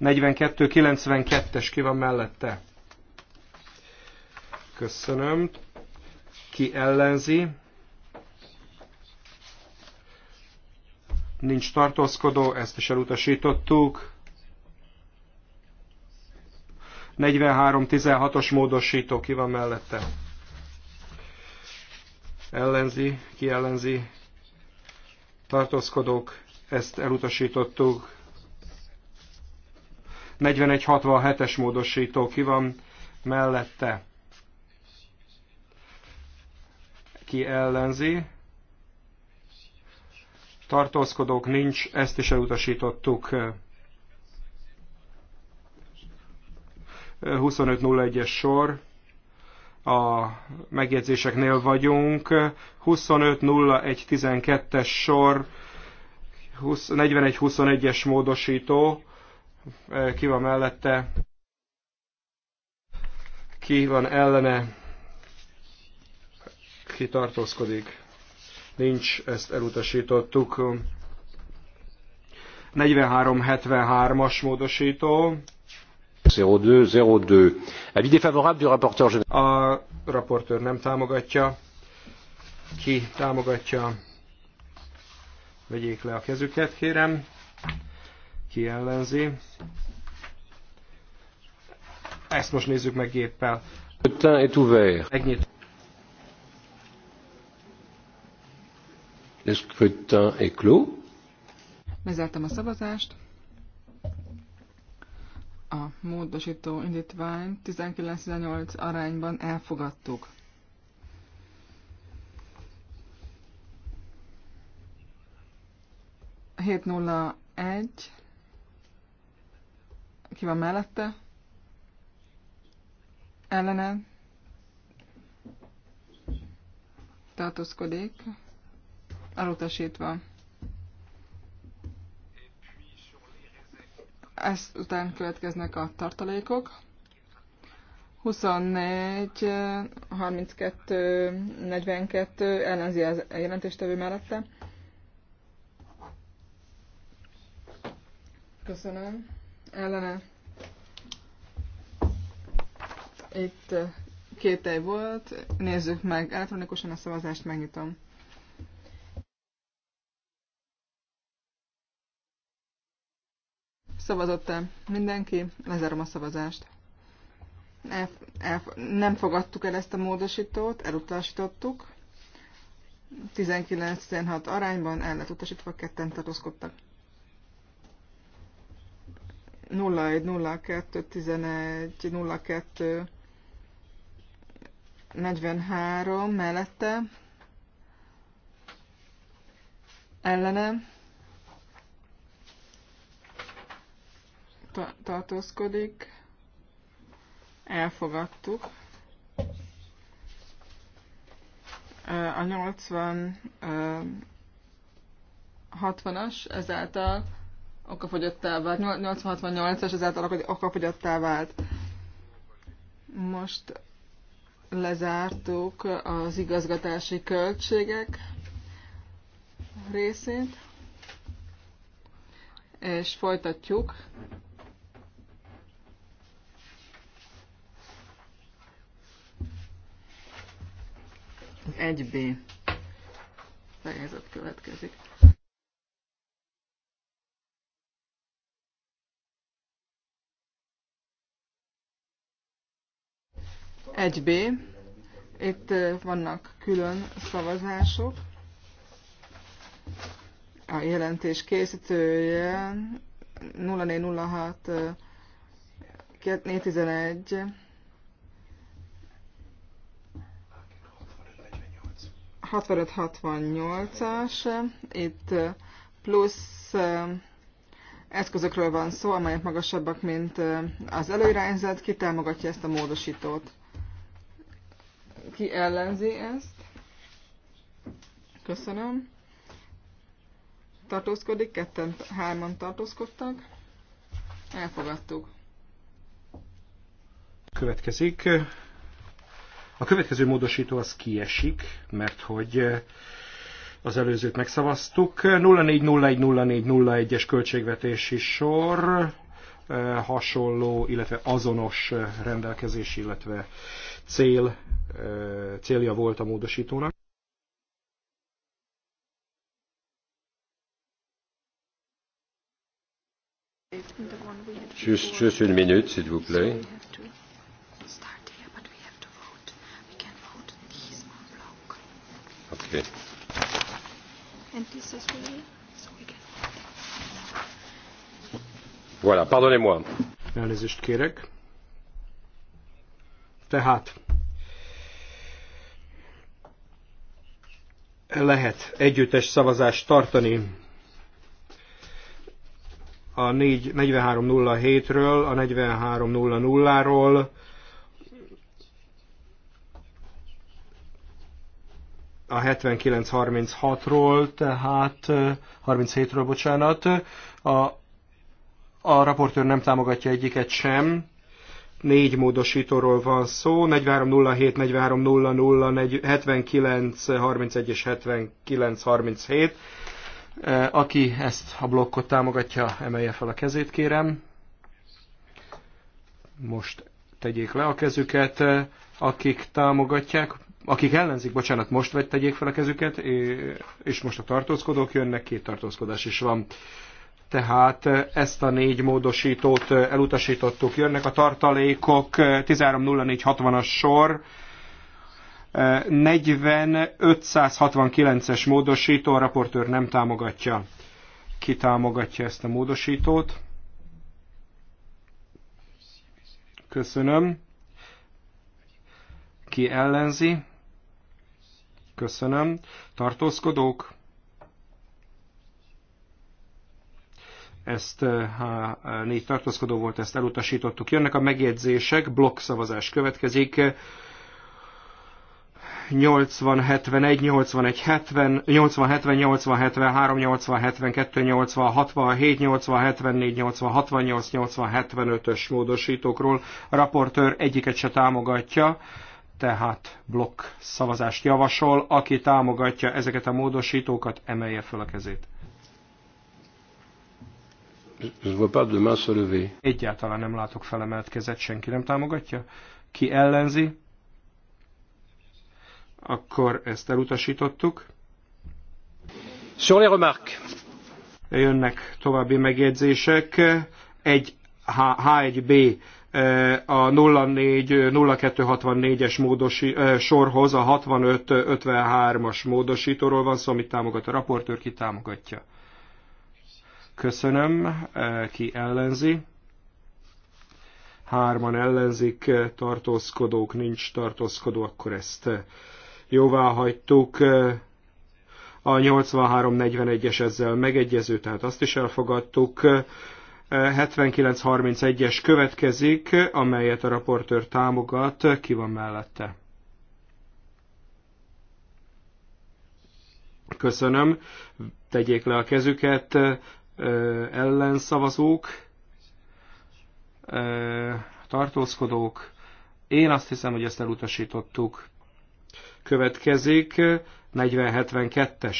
A: 42-92-es ki van mellette? Köszönöm. Ki ellenzi? Nincs tartózkodó, ezt is elutasítottuk. 43-16-os módosító ki van mellette? Ellenzi, ki ellenzi? Tartózkodók, ezt elutasítottuk. 4167-es módosító ki van mellette. Ki ellenzi? Tartózkodók nincs, ezt is elutasítottuk. 25.01-es sor a megjegyzéseknél vagyunk. 25.01.12-es sor, 41.21-es módosító, Eh, ki van mellette, ki van ellene, ki tartózkodik. Nincs, ezt elutasítottuk. 43-73-as módosító. 02 Avis défavorable du rapporteur général. A raportőr nem támogatja. Ki támogatja? Vegyék le a kezüket, kérem ki ellenzi. Ezt most nézzük meg géppel. Megnyit.
B: Le scrutin est clos.
D: Lezártam a szavazást. A módosító indítvány 19-18 arányban elfogadtuk. Hét nulla egy ki van mellette? Ellene tartózkodik, elutasítva. Ezt után következnek a tartalékok. 24, 32, 42 ellenzi az jelentéstevő mellette. Köszönöm ellene. Itt két tej volt, nézzük meg elektronikusan a szavazást, megnyitom. Szavazott-e mindenki? Lezárom a szavazást. El, el, nem fogadtuk el ezt a módosítót, elutasítottuk. 19-16 arányban el lett utasítva, ketten tartózkodtak. 01, 02, 11, 02, 43 mellette ellene ta tartózkodik. Elfogadtuk. A 80 60-as ezáltal okafogyottá vált. 868-as ezáltal okafogyottá vált. Most lezártuk az igazgatási költségek részét, és folytatjuk. Az 1B fejezet következik. 1B. Itt vannak külön szavazások. A jelentés készítője 0406 411 6568 as itt plusz eszközökről van szó, amelyek magasabbak, mint az előirányzat, ki támogatja ezt a módosítót. Ki ellenzi ezt? Köszönöm. Tartózkodik, ketten, hárman tartózkodtak. Elfogadtuk.
A: Következik. A következő módosító az kiesik, mert hogy eh, az előzőt megszavaztuk. 04010401-es költségvetési sor eh, hasonló, illetve azonos eh, rendelkezés, illetve cél, célja volt a módosítónak.
D: Just, just one
B: minute, s'il vous plaît.
A: Voilà, pardonnez-moi. Elnézést kérek. Tehát lehet együttes szavazást tartani a 4307-ről, a 4300-ról, a 7936-ról, tehát 37-ről, bocsánat. A, a raportőr nem támogatja egyiket sem, négy módosítóról van szó, 4307, 4300, 79, 31 és 79, 37. E, aki ezt a blokkot támogatja, emelje fel a kezét, kérem. Most tegyék le a kezüket, e, akik támogatják, akik ellenzik, bocsánat, most vagy tegyék fel a kezüket, és most a tartózkodók jönnek, két tartózkodás is van tehát ezt a négy módosítót elutasítottuk. Jönnek a tartalékok, 130460-as sor, 40569-es módosító, a raportőr nem támogatja. Ki támogatja ezt a módosítót? Köszönöm. Ki ellenzi? Köszönöm. Tartózkodók? ezt eh, ha eh, négy tartózkodó volt, ezt elutasítottuk. Jönnek a megjegyzések, blokkszavazás következik. 80, 71, 81, 70, 80, 70, 83 80, 72, 80, 67, 80, 74, 80, 68, 80, 75-ös módosítókról. A raportőr egyiket se támogatja, tehát blokk szavazást javasol. Aki támogatja ezeket a módosítókat, emelje fel a kezét.
B: Je vois pas de main se lever.
A: Egyáltalán nem látok felemelt kezet, senki nem támogatja. Ki ellenzi? Akkor ezt elutasítottuk. Sur les remarques. Jönnek további megjegyzések. Egy H1B e, a 04-0264-es módosi, e, sorhoz a 6553 as módosítóról van szó, amit támogat a raportőr, ki támogatja. Köszönöm. Eh, ki ellenzi? Hárman ellenzik, eh, tartózkodók, nincs tartózkodó, akkor ezt eh, jóvá hagytuk. A 8341-es ezzel megegyező, tehát azt is elfogadtuk. 7931-es következik, amelyet a raportőr támogat. Ki van mellette? Köszönöm. Tegyék le a kezüket ellenszavazók, tartózkodók. Én azt hiszem, hogy ezt elutasítottuk. Következik 4072-es.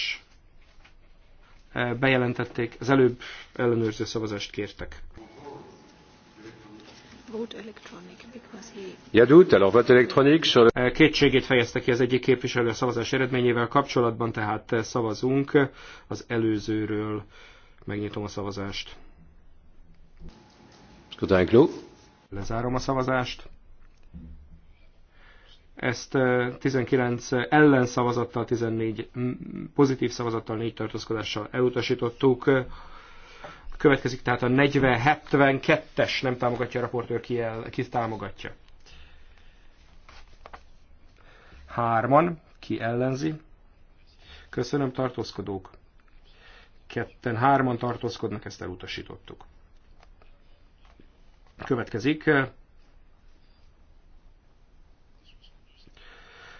A: Bejelentették, az előbb ellenőrző szavazást kértek. vote électronique sur le... Kétségét fejezte ki az egyik képviselő a szavazás eredményével kapcsolatban, tehát szavazunk az előzőről. Megnyitom a szavazást. Lezárom a szavazást. Ezt 19 ellen szavazattal, 14 pozitív szavazattal, 4 tartózkodással elutasítottuk. Következik tehát a 40-72-es, nem támogatja a raportőr, ki, el, ki támogatja. Hárman, ki ellenzi. Köszönöm, tartózkodók ketten, hárman tartózkodnak, ezt elutasítottuk. Következik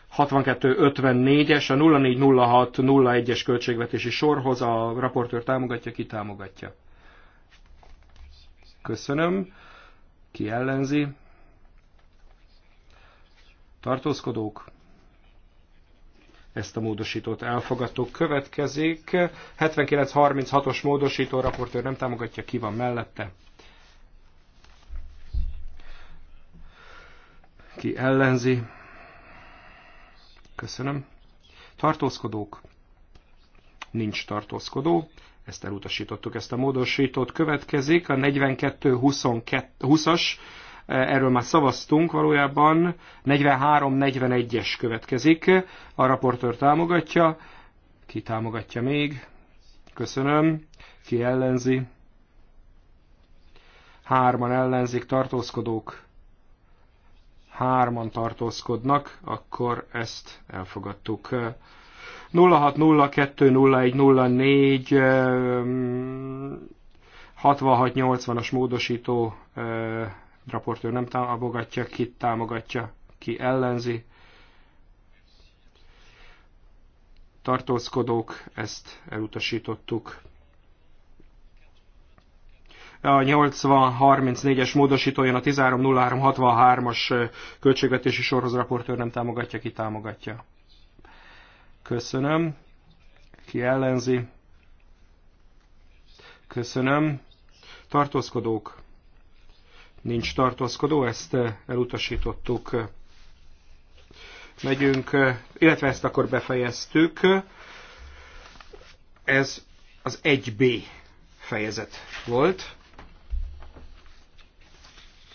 A: 62-54-es, eh, a 0406-01-es költségvetési sorhoz a raportőr támogatja, ki támogatja. Köszönöm. Ki ellenzi? Tartózkodók? ezt a módosítót elfogadtuk. Következik 7936-os módosító, raportőr nem támogatja, ki van mellette. Ki ellenzi. Köszönöm. Tartózkodók. Nincs tartózkodó. Ezt elutasítottuk, ezt a módosítót. Következik a 4220-as erről már szavaztunk valójában, 43-41-es következik, a raportőr támogatja, ki támogatja még, köszönöm, ki ellenzi, hárman ellenzik, tartózkodók, hárman tartózkodnak, akkor ezt elfogadtuk. 06020104 6680-as módosító raportőr nem támogatja, ki támogatja, ki ellenzi. Tartózkodók, ezt elutasítottuk. A 8034-es módosító jön a 130363-as költségvetési sorhoz raportőr nem támogatja, ki támogatja. Köszönöm. Ki ellenzi? Köszönöm. Tartózkodók nincs tartózkodó, ezt eh, elutasítottuk. Megyünk, eh, illetve ezt akkor befejeztük. Ez az 1B fejezet volt.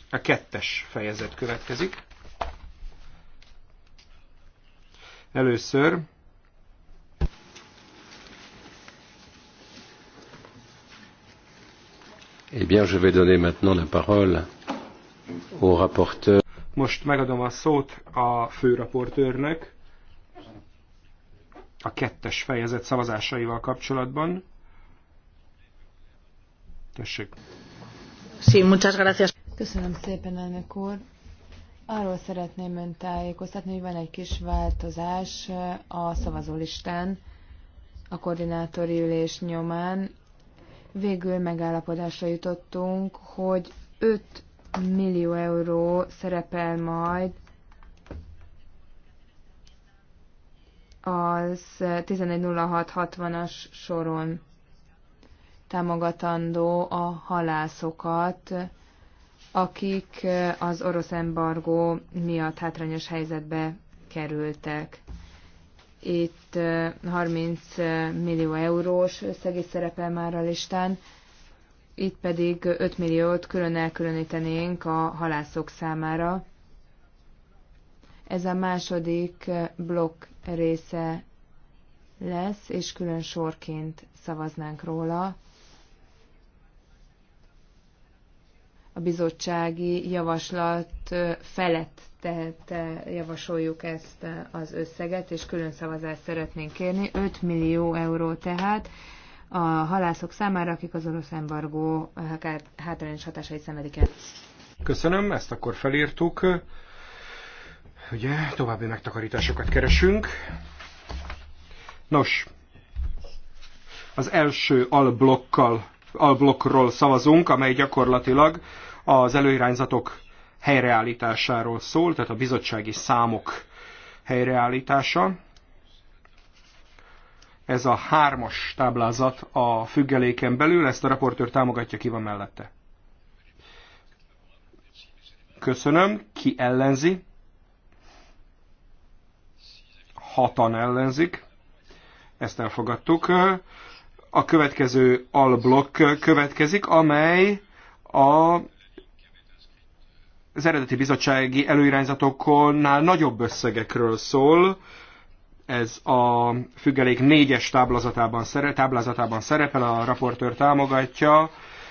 A: A kettes fejezet következik. Először
B: Eh bien, je vais donner maintenant la parole rapporteur.
A: Most megadom a szót a főraportőrnek a kettes fejezet szavazásaival kapcsolatban. Tessék.
C: Sí, muchas gracias. Köszönöm szépen, elnök úr. Arról szeretném ön tájékoztatni, hogy van egy kis változás a szavazólistán a koordinátori ülés nyomán. Végül megállapodásra jutottunk, hogy öt millió euró szerepel majd az 110660-as soron támogatandó a halászokat, akik az orosz embargó miatt hátrányos helyzetbe kerültek. Itt 30 eh, eh, millió eurós összegi szerepel már a listán itt pedig 5 milliót külön elkülönítenénk a halászok számára. Ez a második blokk része lesz, és külön sorként szavaznánk róla. A bizottsági javaslat felett tehát javasoljuk ezt az összeget, és külön szavazást szeretnénk kérni. 5 millió euró tehát a halászok számára, akik az orosz embargó eh, hátrányos hatásait szenvedik el.
A: Köszönöm, ezt akkor felírtuk. Ugye, további megtakarításokat keresünk. Nos, az első alblokkal, alblokkról szavazunk, amely gyakorlatilag az előirányzatok helyreállításáról szól, tehát a bizottsági számok helyreállítása. Ez a hármas táblázat a függeléken belül, ezt a raportőr támogatja, ki van mellette. Köszönöm. Ki ellenzi? Hatan ellenzik. Ezt elfogadtuk. A következő alblokk következik, amely a az eredeti bizottsági előirányzatoknál nagyobb összegekről szól ez a függelék négyes táblázatában, szere, táblázatában szerepel, a raportőr támogatja.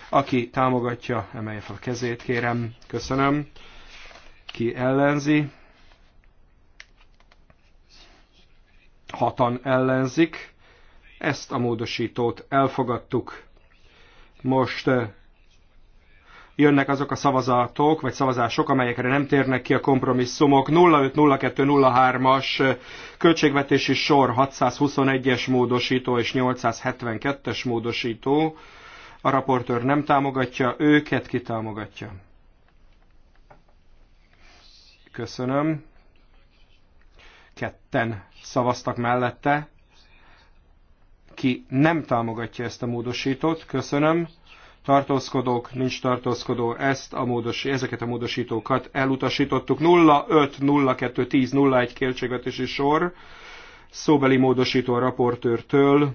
A: Aki támogatja, emelje fel a kezét, kérem, köszönöm. Ki ellenzi? Hatan ellenzik. Ezt a módosítót elfogadtuk. Most jönnek azok a szavazatok, vagy szavazások, amelyekre nem térnek ki a kompromisszumok. 050203-as költségvetési sor 621-es módosító és 872-es módosító. A raportőr nem támogatja, őket kitámogatja. Köszönöm. Ketten szavaztak mellette. Ki nem támogatja ezt a módosítót, köszönöm tartózkodók, nincs tartózkodó, ezt a módos, ezeket a módosítókat elutasítottuk. 05 02 10 01 kértségvetési sor, szóbeli módosító a raportőrtől,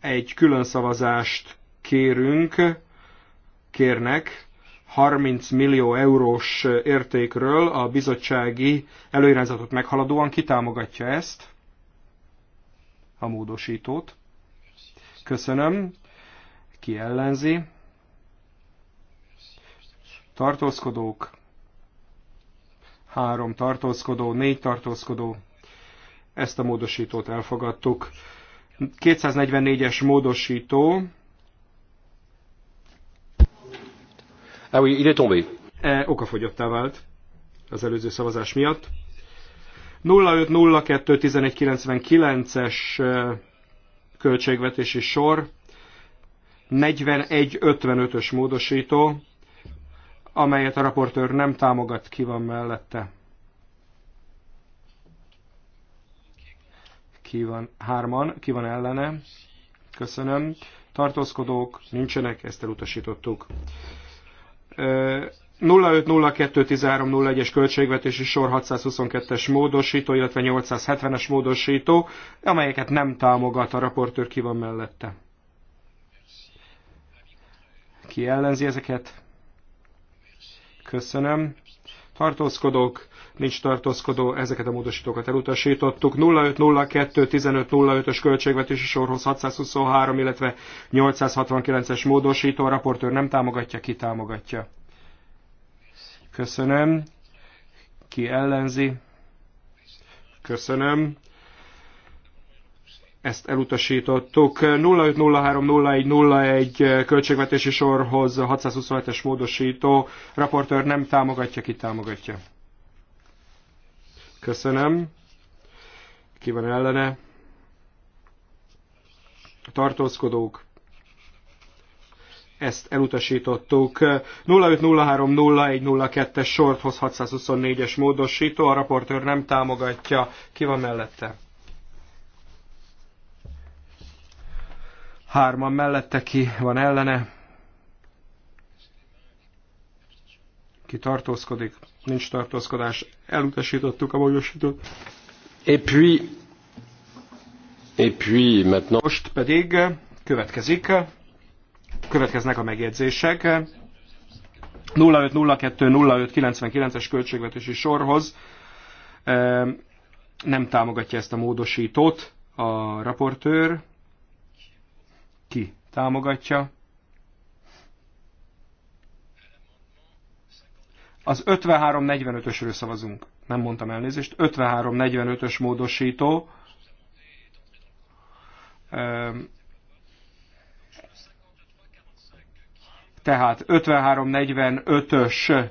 A: egy külön szavazást kérünk, kérnek 30 millió eurós értékről a bizottsági előirányzatot meghaladóan kitámogatja ezt a módosítót. Köszönöm. Ki ellenzi? Tartózkodók. Három tartózkodó, négy tartózkodó. Ezt a módosítót elfogadtuk. 244-es módosító. Ah oui, il est tombé. E, okafogyottá vált az előző szavazás miatt. 0502-1199-es költségvetési sor, 4155-ös módosító, amelyet a raportőr nem támogat, ki van mellette. Ki van hárman, ki van ellene. Köszönöm. Tartózkodók nincsenek, ezt elutasítottuk. 05021301-es költségvetési sor 622-es módosító, illetve 870-es módosító, amelyeket nem támogat a raportőr, ki van mellette. Ki ellenzi ezeket? Köszönöm. Tartózkodók, nincs tartózkodó, ezeket a módosítókat elutasítottuk. 0502 ös költségvetési sorhoz 623, illetve 869-es módosító, a raportőr nem támogatja, ki támogatja Köszönöm. Ki ellenzi? Köszönöm. Ezt elutasítottuk. 0503-0101 költségvetési sorhoz 627-es módosító. Raportőr nem támogatja, ki támogatja. Köszönöm. Ki van ellene? Tartózkodók ezt elutasítottuk. 0503-0102-es sorthoz 624-es módosító, a raportőr nem támogatja. Ki van mellette? Hárman mellette, ki van ellene? Ki tartózkodik? Nincs tartózkodás. Elutasítottuk a módosítót. Et puis, et
B: puis maintenant... Most
A: pedig következik Következnek a megjegyzések. 0502-0599-es költségvetési sorhoz nem támogatja ezt a módosítót a raportőr. Ki támogatja? Az 5345-ösről szavazunk. Nem mondtam elnézést. 5345-ös módosító Tehát 53-45-ös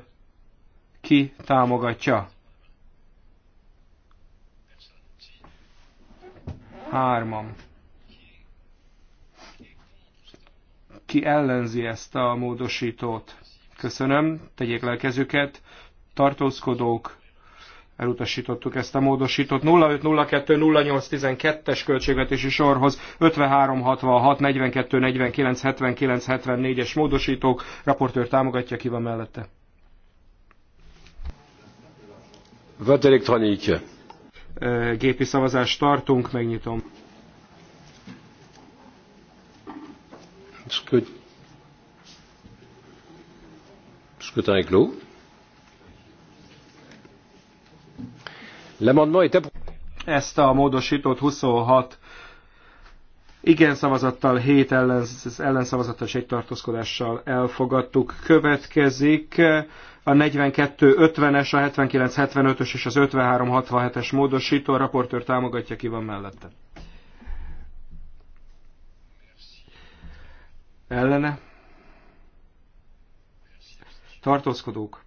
A: ki támogatja? Hárman. Ki ellenzi ezt a módosítót? Köszönöm, tegyék le a kezüket. Tartózkodók, elutasítottuk ezt a módosított 0502-0812-es költségvetési sorhoz 5366 42 49 79 74-es módosítók. Raportőr támogatja, ki van mellette.
B: Vote elektronik.
A: Gépi szavazást tartunk, megnyitom. Scrutin est clos. Ezt a módosítót 26 igen szavazattal, 7 ellen, ellenszavazattal és egy tartózkodással elfogadtuk. Következik a 42-50-es, a 79-75-ös és az 53-67-es módosító. A raportőr támogatja, ki van mellette. Ellene. Tartózkodók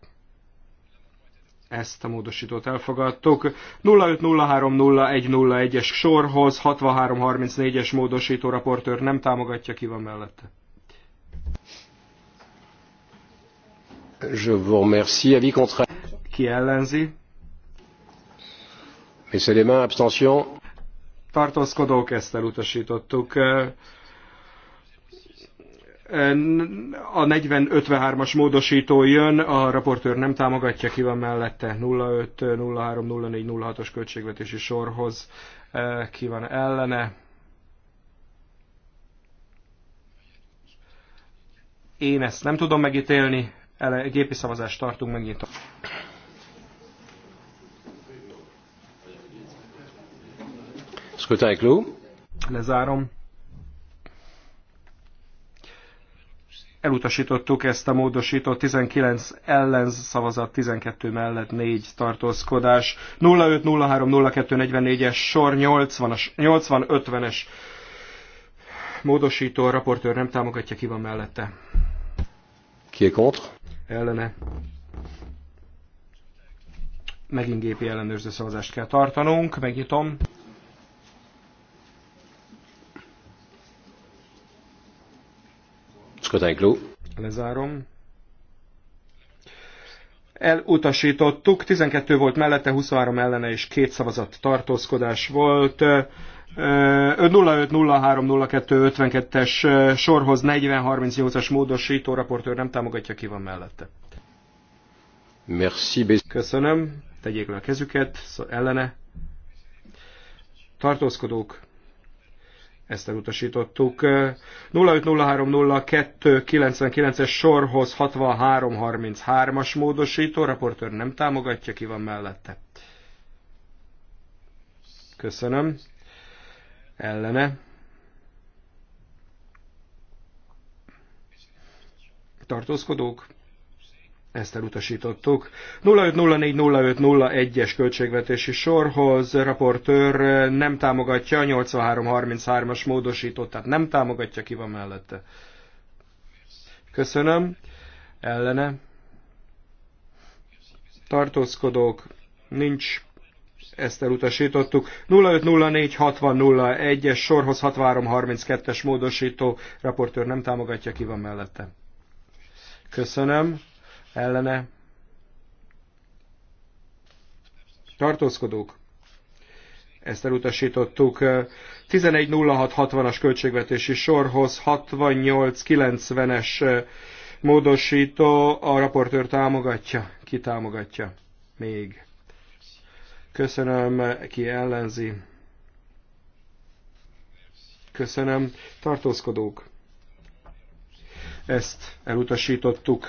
A: ezt a módosítót elfogadtuk. 05030101-es sorhoz 6334-es módosító raportőr nem támogatja, ki van mellette.
B: Je vous remercie. Avis contraire. Ki ellenzi? Mais c'est les mains abstention.
A: Tartózkodók, ezt elutasítottuk. A 40-53-as módosító jön, a raportőr nem támogatja, ki van mellette 05, 03, 04, 06-os költségvetési sorhoz, e, ki van ellene. Én ezt nem tudom megítélni, ele, gépi szavazást tartunk, megnyitom.
B: Scrutin
A: Lezárom. elutasítottuk ezt a módosított 19 ellen szavazat, 12 mellett 4 tartózkodás. 05 03 02 44-es sor 80-as, 80 50-es módosító, a raportőr nem támogatja, ki van mellette. Ki contre? Ellene. Megint gépi ellenőrző szavazást kell tartanunk, megnyitom. Kodaiglu. Lezárom. Elutasítottuk, 12 volt mellette, 23 ellene és két szavazat tartózkodás volt. 05030252-es sorhoz 4038-as módosító raportőr nem támogatja, ki van mellette.
B: Merci.
A: Köszönöm. Tegyék le a kezüket, ellene. Tartózkodók ezt elutasítottuk. 0503-02-99-es sorhoz 6333-as módosító, raportőr nem támogatja, ki van mellette. Köszönöm. Ellene. Tartózkodók ezt elutasítottuk. 0504 es költségvetési sorhoz raportőr nem támogatja, 8333-as módosítót, tehát nem támogatja, ki van mellette. Köszönöm. Ellene. Tartózkodók. Nincs. Ezt elutasítottuk. 0504 es sorhoz 6332-es módosító. Raportőr nem támogatja, ki van mellette. Köszönöm ellene tartózkodók. Ezt elutasítottuk. 11.06.60-as költségvetési sorhoz 68.90-es módosító a raportőr támogatja. Ki támogatja? Még. Köszönöm, ki ellenzi. Köszönöm, tartózkodók. Ezt elutasítottuk.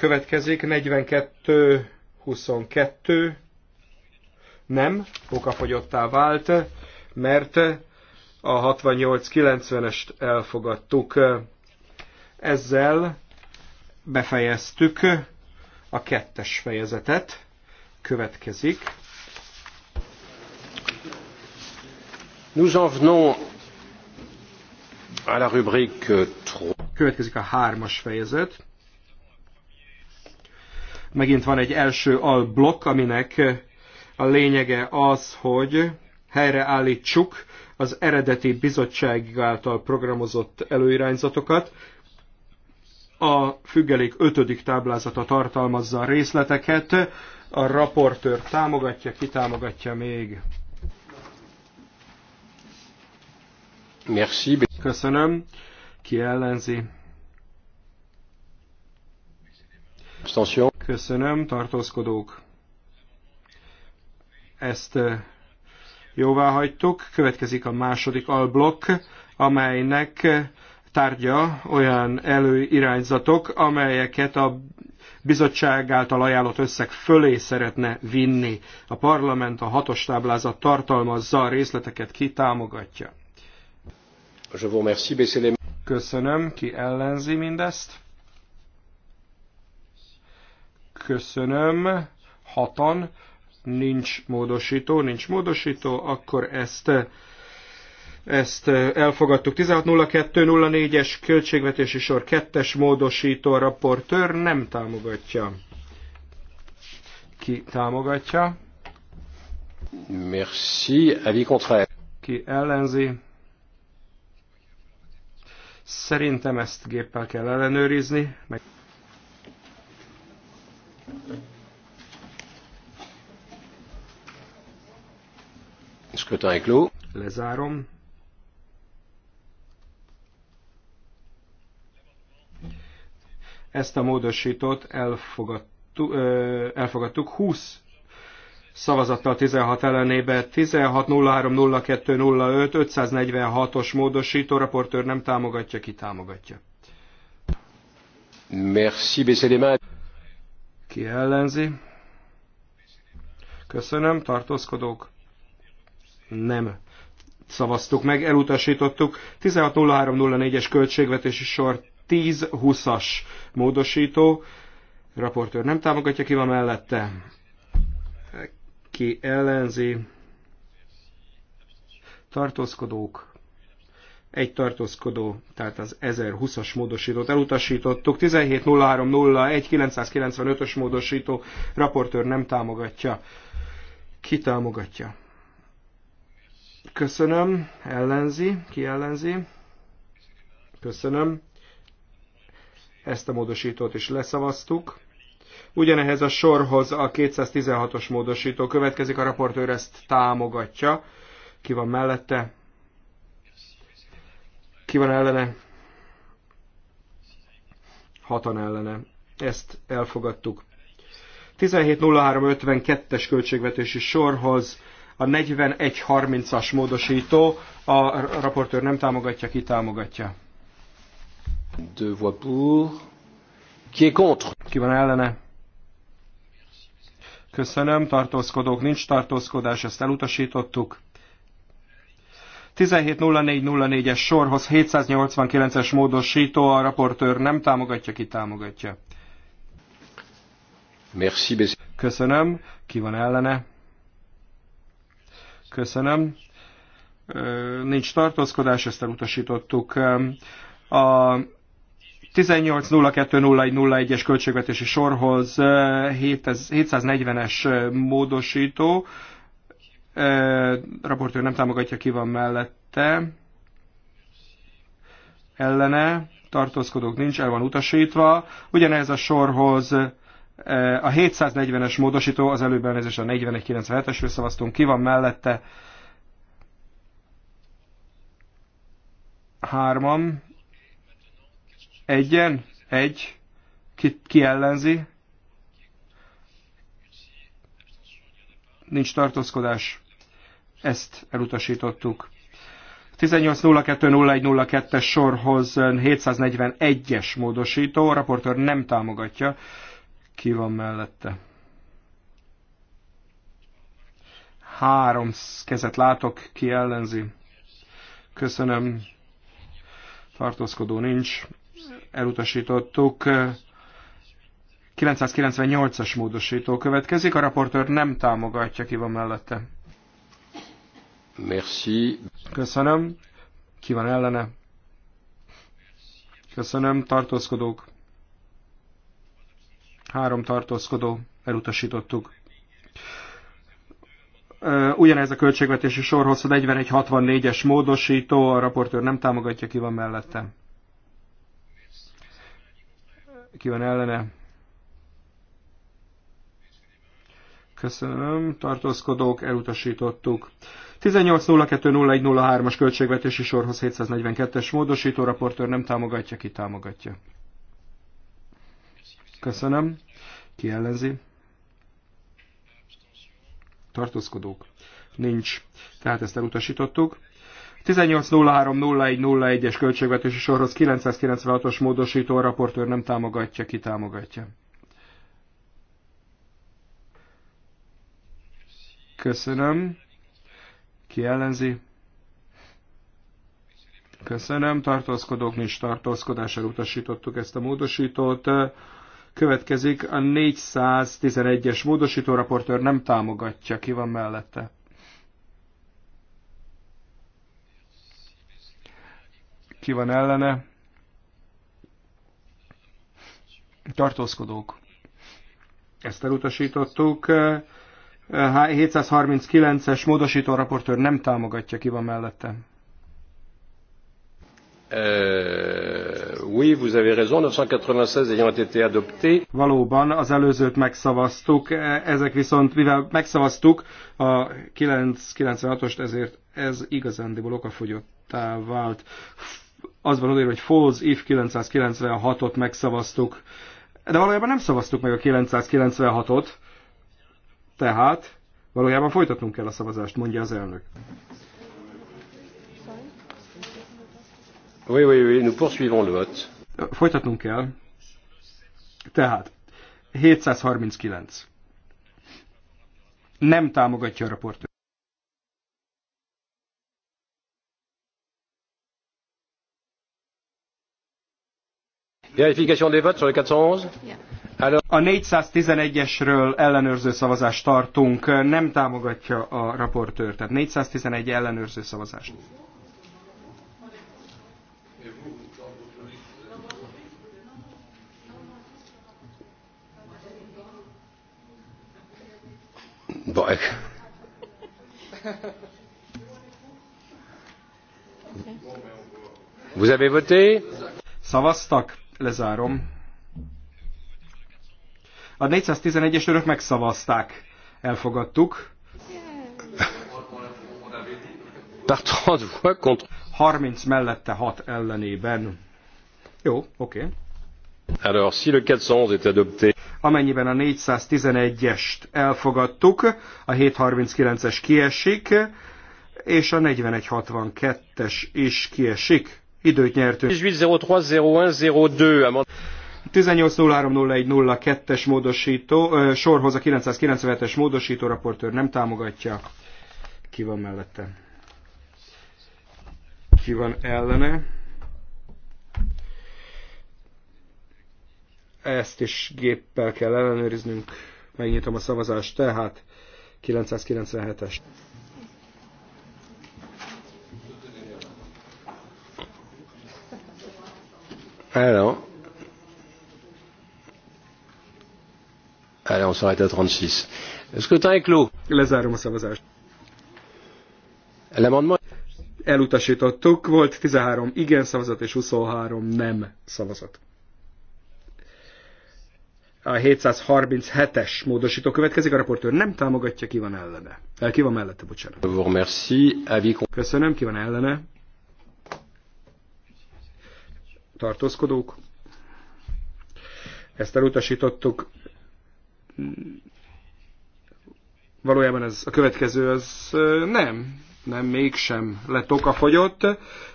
A: Következik 42-22. Nem, okafogyottá vált, mert a 68-90-est elfogadtuk. Ezzel befejeztük a kettes fejezetet. Következik. Nous en venons à la rubrique 3. Következik a hármas fejezet. Megint van egy első alblokk, aminek a lényege az, hogy helyreállítsuk az eredeti bizottság által programozott előirányzatokat. A függelék ötödik táblázata tartalmazza a részleteket. A raportőr támogatja, kitámogatja még. Merci. Köszönöm. Ki ellenzi? Abstention. Köszönöm, tartózkodók. Ezt eh, jóvá hagytuk. Következik a második alblokk, amelynek eh, tárgya olyan előirányzatok, amelyeket a bizottság által ajánlott összeg fölé szeretne vinni. A parlament a hatos táblázat tartalmazza a részleteket, ki támogatja. Köszönöm, ki ellenzi mindezt. Köszönöm. Hatan. Nincs módosító, nincs módosító, akkor ezt ezt elfogadtuk. 160204-es költségvetési sor kettes módosító a raportőr nem támogatja. Ki támogatja?
B: Merci, avis contraire.
A: Ki ellenzi? Szerintem ezt géppel kell ellenőrizni. Meg...
B: Lezárom.
A: Ezt a módosítót elfogadtuk, elfogadtuk 20 szavazattal 16 ellenébe 16030205 546-os módosító raportőr nem támogatja, ki támogatja. Merci, ki ellenzi? Köszönöm, tartózkodók. Nem szavaztuk meg, elutasítottuk. 160304-es költségvetési sor 10-20-as módosító. Raportőr nem támogatja, ki van mellette? Ki ellenzi? Tartózkodók egy tartózkodó, tehát az 1020-as módosítót elutasítottuk. 1703 995-ös módosító raportőr nem támogatja. Ki támogatja? Köszönöm. Ellenzi. Ki ellenzi? Köszönöm. Ezt a módosítót is leszavaztuk. Ugyanehhez a sorhoz a 216-os módosító következik, a raportőr ezt támogatja. Ki van mellette? Ki van ellene? Hatan ellene. Ezt elfogadtuk. 17.03.52-es költségvetési sorhoz a 41.30-as módosító. A raportőr nem támogatja, ki támogatja? De voix pour. Qui est contre? Ki van ellene? Köszönöm, tartózkodók, nincs tartózkodás, ezt elutasítottuk. 170404-es sorhoz 789-es módosító, a raportőr nem támogatja, ki támogatja. Merci. Köszönöm. Ki van ellene? Köszönöm. Nincs tartózkodás, ezt elutasítottuk. A 18.02.01.01-es költségvetési sorhoz 740-es módosító, raportőr nem támogatja, ki van mellette. Ellene, tartózkodók nincs, el van utasítva. Ugyanez a sorhoz a 740-es módosító, az előbb elnézés a 4197-esről szavaztunk, ki van mellette. Hárman. Egyen? Egy. Ki, ki ellenzi? nincs tartózkodás, ezt elutasítottuk. 18.02.01.02-es sorhoz 741-es módosító, a raportőr nem támogatja. Ki van mellette? Három kezet látok, ki ellenzi. Köszönöm. Tartózkodó nincs. Elutasítottuk. 998-as módosító következik, a raportőr nem támogatja, ki van mellette.
B: Merci.
A: Köszönöm. Ki van ellene? Köszönöm, tartózkodók. Három tartózkodó, elutasítottuk. Ugyanez a költségvetési sorhoz, a 4164 es módosító, a raportőr nem támogatja, ki van mellette. Ki van ellene? Köszönöm. Tartózkodók, elutasítottuk. 18.02.01.03-as költségvetési sorhoz 742-es módosító raportőr nem támogatja, ki támogatja. Köszönöm. Ki ellenzi? Tartózkodók. Nincs. Tehát ezt elutasítottuk. 18.03.01.01-es költségvetési sorhoz 996-os módosító raportőr nem támogatja, ki támogatja. Köszönöm. Ki ellenzi? Köszönöm. Tartózkodók nincs tartózkodással utasítottuk ezt a módosítót. Következik a 411-es módosító raportőr nem támogatja. Ki van mellette? Ki van ellene? Tartózkodók. Ezt elutasítottuk. 739-es módosító raportőr nem támogatja, ki van mellette.
B: Uh, oui, vous avez raison, 996
A: ayant été adopté. Valóban, az előzőt megszavaztuk, ezek viszont, mivel megszavaztuk a 996-ost, ezért ez igazándiból okafogyottá vált. Az van odaírva, hogy Falls If 996-ot megszavaztuk, de valójában nem szavaztuk meg a 996-ot, tehát valójában folytatnunk kell a szavazást, mondja az elnök. Oui, oui, oui, nous poursuivons le vote. Folytatnunk kell. Tehát, 739. Nem támogatja a raportőr.
B: Vérification des votes sur
A: le 411 yeah. A 411-esről ellenőrző szavazást tartunk, nem támogatja a raportőr, tehát 411 ellenőrző szavazást. Baj. Vous avez voté? Szavaztak? Lezárom. A 411-es örök megszavazták, elfogadtuk. 30 mellette 6 ellenében. Jó, oké. Okay. Alors, si le 411 Amennyiben a 411-est elfogadtuk, a 739-es kiesik, és a 4162-es is kiesik. Időt nyertünk. 18.03.01.02-es módosító, sorhoz a 997-es módosító raportőr nem támogatja. Ki van mellette? Ki van ellene? Ezt is géppel kell ellenőriznünk. Megnyitom a szavazást, tehát 997-es. Hello.
B: s'arrête à 36.
A: Le scrutin est clos. Lezárom a szavazást. L'amendement... Elutasítottuk, volt 13 igen szavazat és 23 nem szavazat. A 737-es módosító következik, a raportőr nem támogatja, ki van ellene. El, ki van mellette, bocsánat. Köszönöm, ki van ellene. Tartózkodók. Ezt elutasítottuk valójában ez a következő az nem, nem mégsem lett okafogyott.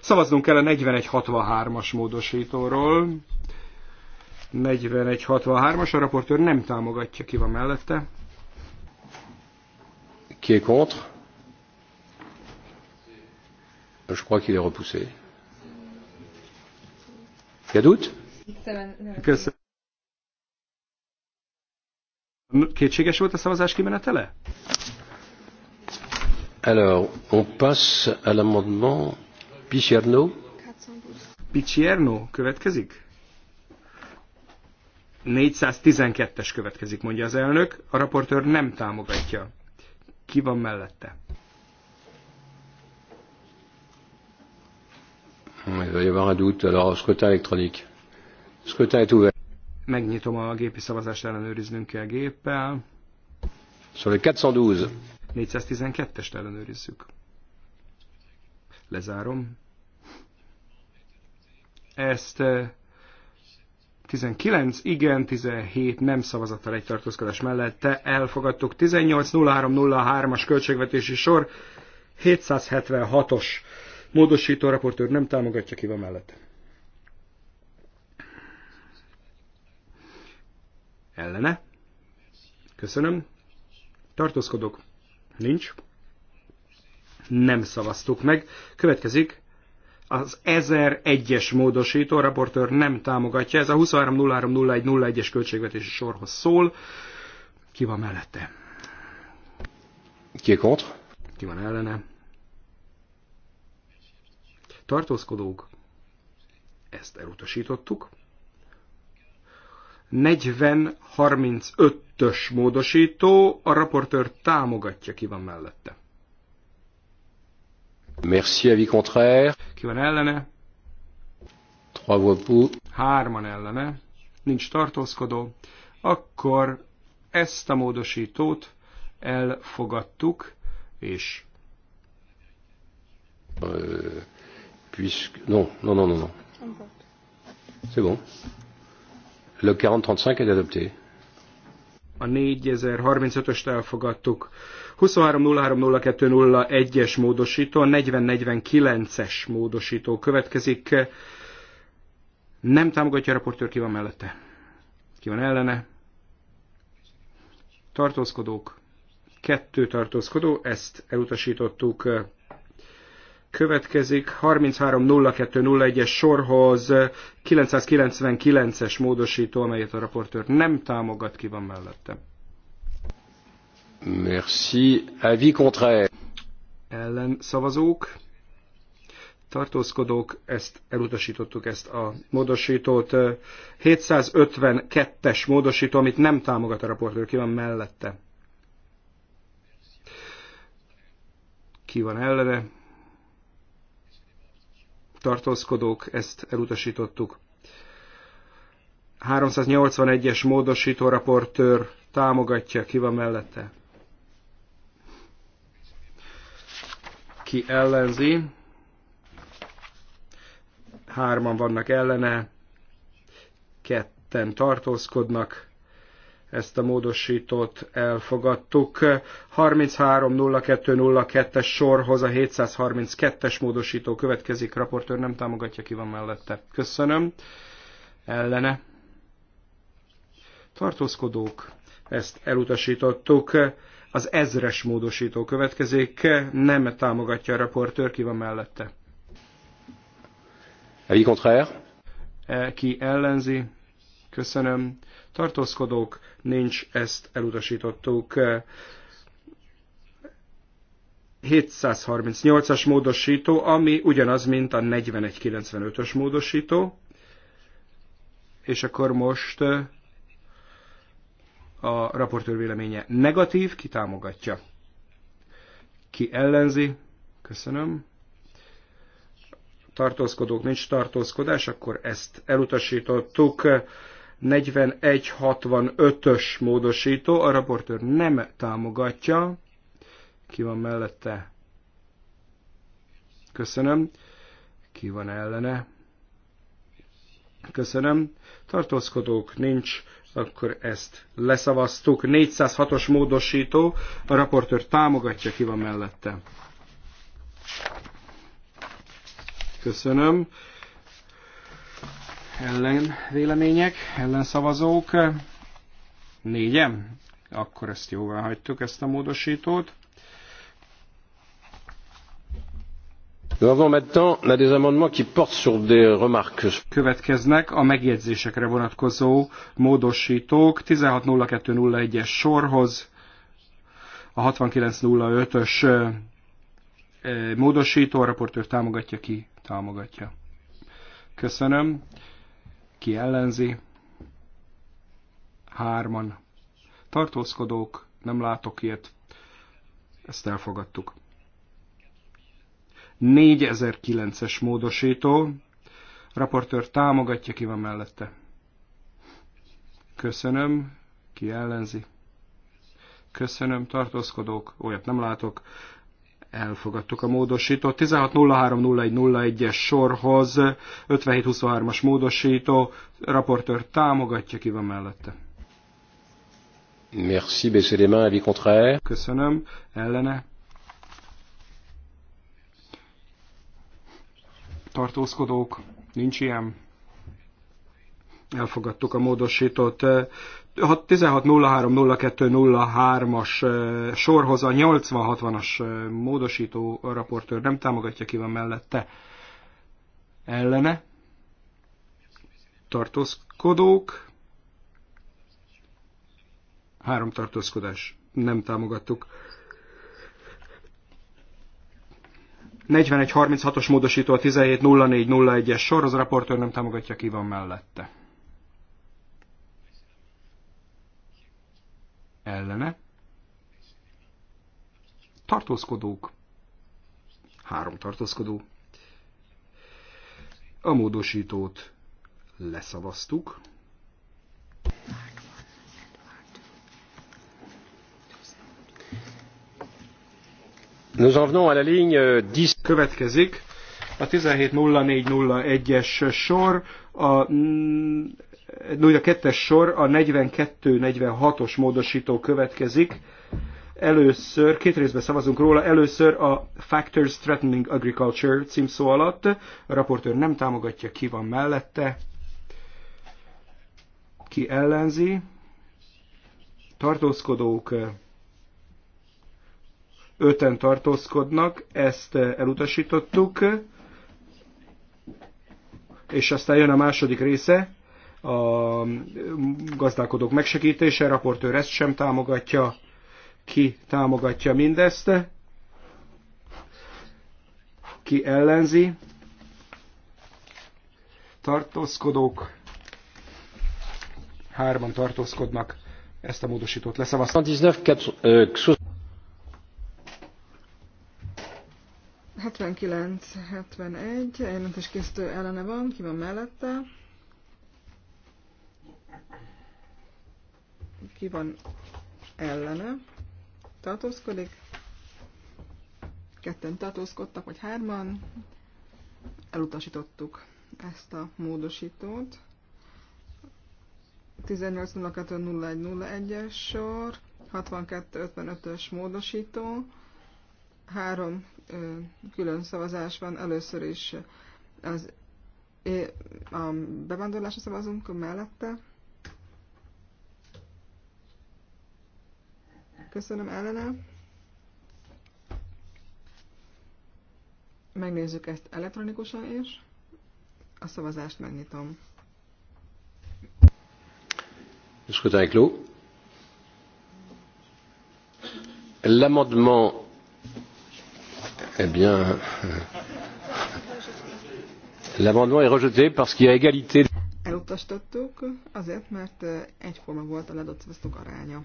A: Szavaznunk kell a 4163-as módosítóról. 4163-as, a raportőr nem támogatja, ki van mellette.
B: Qui est contre Je crois qu'il est
A: repoussé. Il y a doute Köszönöm. Kétséges volt a szavazás kimenetele?
B: Alors, on passe à l'amendement
A: Picierno. Picierno következik? 412-es következik, mondja az elnök. A raportőr nem támogatja. Ki van mellette?
B: Il va y avoir un doute. Alors, scrutin électronique. Scrutin est ouvert.
A: Megnyitom a gépi szavazást, ellenőriznünk kell géppel.
B: Szóval 412.
A: 412-est ellenőrizzük. Lezárom. Ezt 19 eh, igen, 17 nem szavazattal egy tartózkodás mellette elfogadtuk. 18.03.03-as költségvetési sor 776-os módosító raportőr nem támogatja ki van mellette. ellene. Köszönöm. Tartózkodok. Nincs. Nem szavaztuk meg. Következik az 1001-es módosító, raportőr nem támogatja. Ez a 23030101-es költségvetési sorhoz szól. Ki van mellette? Ki est contre? Ki van ellene? Tartózkodók. Ezt elutasítottuk. 4035-ös módosító, a raportőr támogatja, ki van mellette.
B: Merci, avis contraire.
A: Ki van ellene? Hárman ellene. Nincs tartózkodó. Akkor ezt a módosítót elfogadtuk, és...
B: Euh, puisque... Non, non, non, non, non. C'est bon. Le 4035 est adopté.
A: A 4035-öst elfogadtuk. 23.03.02.01-es módosító, a 4049-es módosító következik. Nem támogatja a raportőr, ki van mellette? Ki van ellene? Tartózkodók. Kettő tartózkodó, ezt elutasítottuk Következik 330201-es sorhoz 999-es módosító, amelyet a raportőr nem támogat, ki van mellette.
B: Merci. Avis contraire.
A: Ellen szavazók, tartózkodók, ezt elutasítottuk, ezt a módosítót. 752-es módosító, amit nem támogat a raportőr, ki van mellette. Ki van ellene? tartózkodók, ezt elutasítottuk. 381-es módosító raportőr támogatja, ki van mellette. Ki ellenzi. Hárman vannak ellene, ketten tartózkodnak, ezt a módosítót elfogadtuk. 330202-es sorhoz a 732-es módosító következik, raportőr nem támogatja, ki van mellette. Köszönöm. Ellene. Tartózkodók, ezt elutasítottuk. Az ezres módosító következik, nem támogatja a raportőr, ki van mellette.
B: Avis contraire?
A: E, ki ellenzi? Köszönöm. Tartózkodók, nincs, ezt elutasítottuk. 738-as módosító, ami ugyanaz, mint a 4195-ös módosító. És akkor most a raportőr véleménye negatív, ki támogatja. Ki ellenzi? Köszönöm. Tartózkodók nincs tartózkodás, akkor ezt elutasítottuk. 4165-ös módosító, a raportőr nem támogatja. Ki van mellette? Köszönöm. Ki van ellene? Köszönöm. Tartózkodók nincs, akkor ezt leszavaztuk. 406-os módosító, a raportőr támogatja, ki van mellette. Köszönöm ellen vélemények, ellenszavazók, négyen, akkor ezt jóvá hagytuk, ezt a módosítót. Nous avons maintenant là des amendements qui portent sur des remarques. Következnek a megjegyzésekre vonatkozó módosítók 160201-es sorhoz, a 6905-ös módosító, a raportőr támogatja ki, támogatja. Köszönöm ki ellenzi, hárman, tartózkodók, nem látok ilyet, ezt elfogadtuk. 4009-es módosító, raportőr támogatja, ki van mellette. Köszönöm, ki ellenzi. Köszönöm, tartózkodók, olyat nem látok elfogadtuk a módosító. 16030101-es sorhoz 5723-as módosító, raportőr támogatja, ki van mellette.
B: Merci, baissez les mains, avis contraire. Köszönöm,
A: ellene. Tartózkodók, nincs ilyen. Elfogadtuk a módosítót. 1603-0203-as sorhoz a 8060-as módosító raportőr nem támogatja, ki van mellette ellene. Tartózkodók. Három tartózkodás. Nem támogattuk. 4136-os módosító a 170401-es sor, az a raportőr nem támogatja, ki van mellette. ellene, tartózkodók, három tartózkodó, a módosítót leszavaztuk, Nous à la ligne 10. Euh, Következik a 17.04.01-es sor, a mm, a kettes sor a 42-46-os módosító következik. Először, két részben szavazunk róla, először a Factors Threatening Agriculture címszó alatt. A raportőr nem támogatja, ki van mellette, ki ellenzi. Tartózkodók öten tartózkodnak, ezt elutasítottuk, és aztán jön a második része, a gazdálkodók megsegítése, a raportőr ezt sem támogatja, ki támogatja mindezt, ki ellenzi, tartózkodók, hárman tartózkodnak, ezt a módosítót leszavaztam. 79-71,
D: euh, jelentés ellene van, ki van mellette. ki van ellene, tartózkodik, ketten tartózkodtak, vagy hárman, elutasítottuk ezt a módosítót. 18020101 es sor, 62.55-ös módosító, három ö, külön szavazás van, először is az, a bevándorlásra szavazunk mellette, Köszönöm ellene. Megnézzük ezt elektronikusan is. A szavazást megnyitom.
B: Le Scrutin est clos. L'amendement, eh bien, euh, l'amendement est rejeté parce qu'il y a égalité.
D: Elutasítottuk, azért, mert euh, egyforma volt a ledott szavazatok aránya.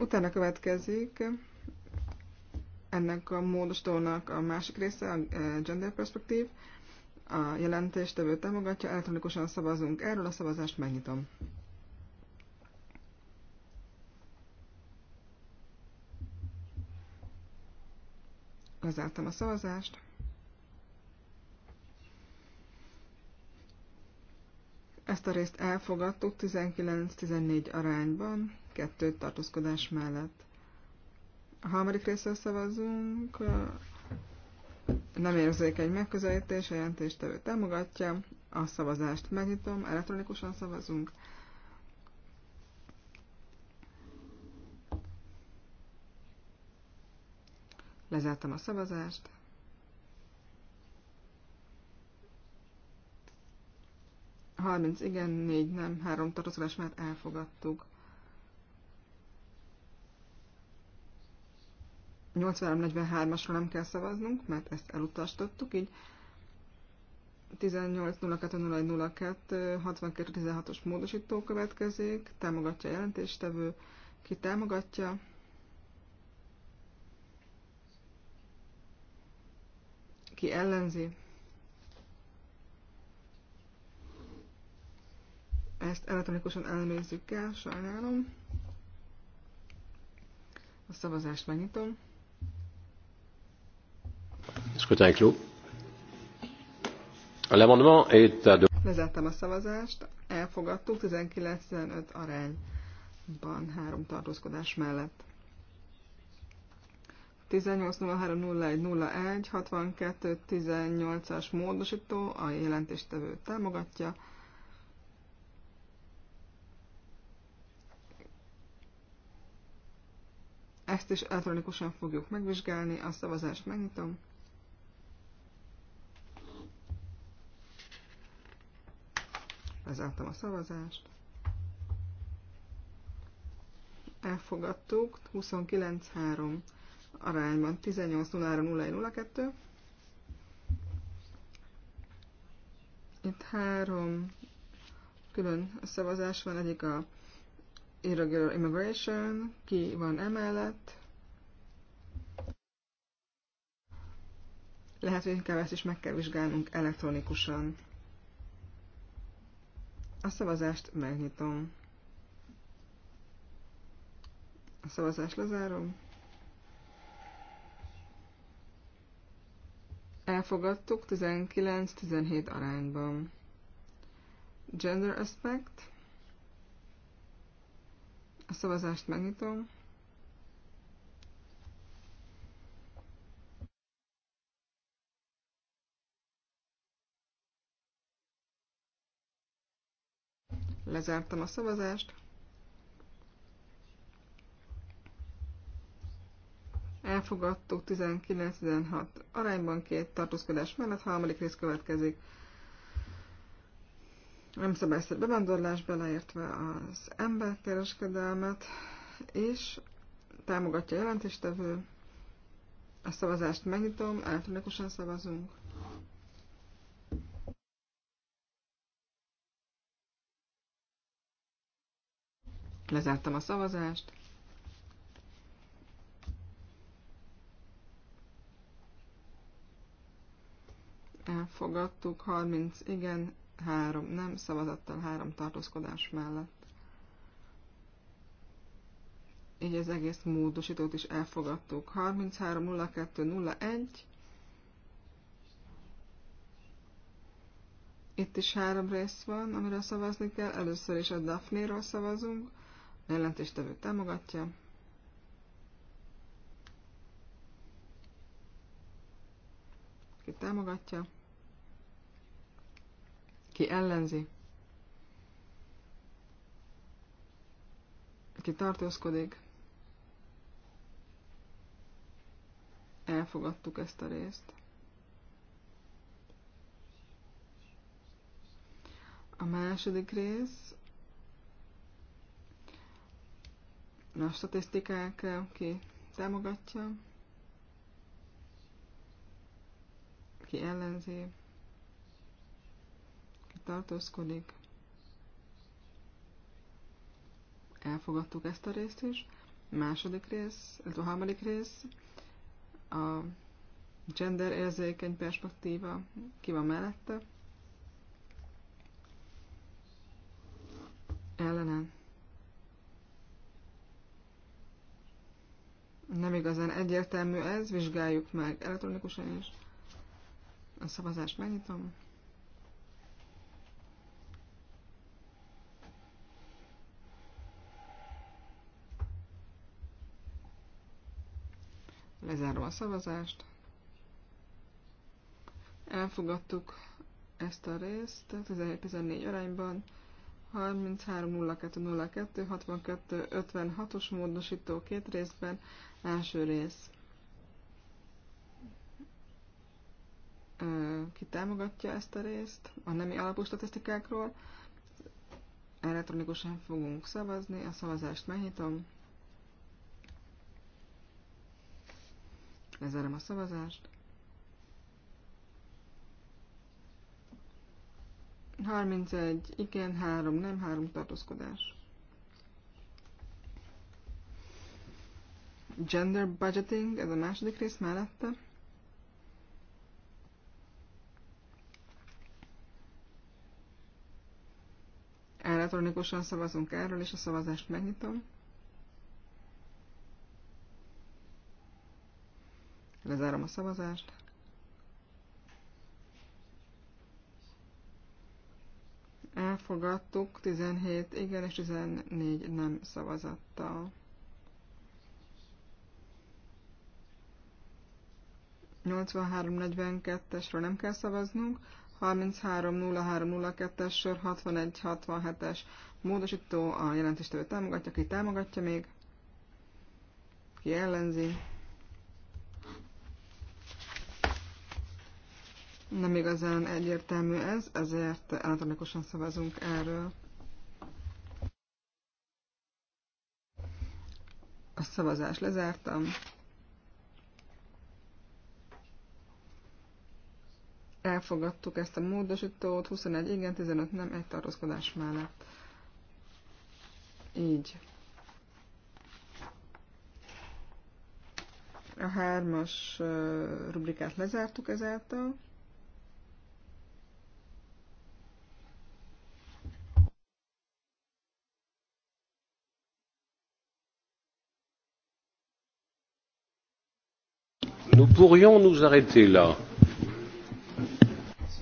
D: Utána következik ennek a módosítónak a másik része, a e, gender perspektív. A jelentéstevő támogatja, elektronikusan szavazunk erről, a szavazást megnyitom. Lezártam a szavazást. Ezt a részt elfogadtuk 19-14 arányban kettő tartózkodás mellett. A harmadik részről szavazunk, nem egy megközelítés, a jelentéstevő támogatja, a szavazást megnyitom, elektronikusan szavazunk. Lezártam a szavazást. Harminc igen, négy nem, három tartozás mert elfogadtuk. 83-43-asra nem kell szavaznunk, mert ezt elutasítottuk, így 18.02.01.02.62.16-os módosító következik, támogatja a jelentéstevő, ki támogatja, ki ellenzi. Ezt elektronikusan ellenőrizzük el, sajnálom. A szavazást megnyitom.
B: Scrutin clos. L'amendement est adopté.
D: Lezártam a szavazást, elfogadtuk 19-15 arányban három tartózkodás mellett. 6218 as módosító a jelentéstevő támogatja. Ezt is elektronikusan fogjuk megvizsgálni, a szavazást megnyitom. Lezártam a szavazást. Elfogadtuk. 29-3 arányban. 18 Itt három külön szavazás van. Egyik a irregular immigration, ki van emellett. Lehet, hogy inkább ezt is meg kell vizsgálnunk elektronikusan. A szavazást megnyitom. A szavazást lezárom. Elfogadtuk 19-17 arányban. Gender aspect. A szavazást megnyitom. Lezártam a szavazást. Elfogadtuk 19-16 arányban két tartózkodás mellett, harmadik rész következik. Nem szabályszerű bevándorlás beleértve az emberkereskedelmet, és támogatja a jelentéstevő. A szavazást megnyitom, elektronikusan szavazunk. Lezártam a szavazást. Elfogadtuk 30 igen, 3 nem szavazattal, 3 tartózkodás mellett. Így az egész módosítót is elfogadtuk. 01. Itt is három rész van, amire szavazni kell. Először is a Daphne-ról szavazunk ellentéstevő támogatja. Ki támogatja? Ki ellenzi? Ki tartózkodik? Elfogadtuk ezt a részt. A második rész a statisztikák eh, ki támogatja, ki ellenzi, ki tartózkodik. Elfogadtuk ezt a részt is. Második rész, ez a harmadik rész, a gender érzékeny perspektíva ki van mellette. igazán egyértelmű ez, vizsgáljuk meg elektronikusan is. A szavazást megnyitom. Lezárom a szavazást. Elfogadtuk ezt a részt 17-14 arányban. 33 02 62 56-os módosító két részben. Első rész. Ki támogatja ezt a részt? A nemi alapú statisztikákról. Elektronikusan fogunk szavazni. A szavazást megnyitom. Lezárom a szavazást. 31, igen, 3, nem, 3 tartózkodás. gender budgeting, ez a második rész mellette. Elektronikusan szavazunk erről, és a szavazást megnyitom. Lezárom a szavazást. Elfogadtuk 17 igen és 14 nem szavazattal. 8342 42 esről nem kell szavaznunk, 330302 es sor 6167 es módosító a jelentéstevő támogatja, ki támogatja még, ki ellenzi. Nem igazán egyértelmű ez, ezért elektronikusan szavazunk erről. A szavazás lezártam. elfogadtuk ezt a módosítót, 21 igen, 15 nem, egy tartózkodás mellett. Így. A hármas rubrikát lezártuk ezáltal.
B: Nous pourrions nous arrêter là.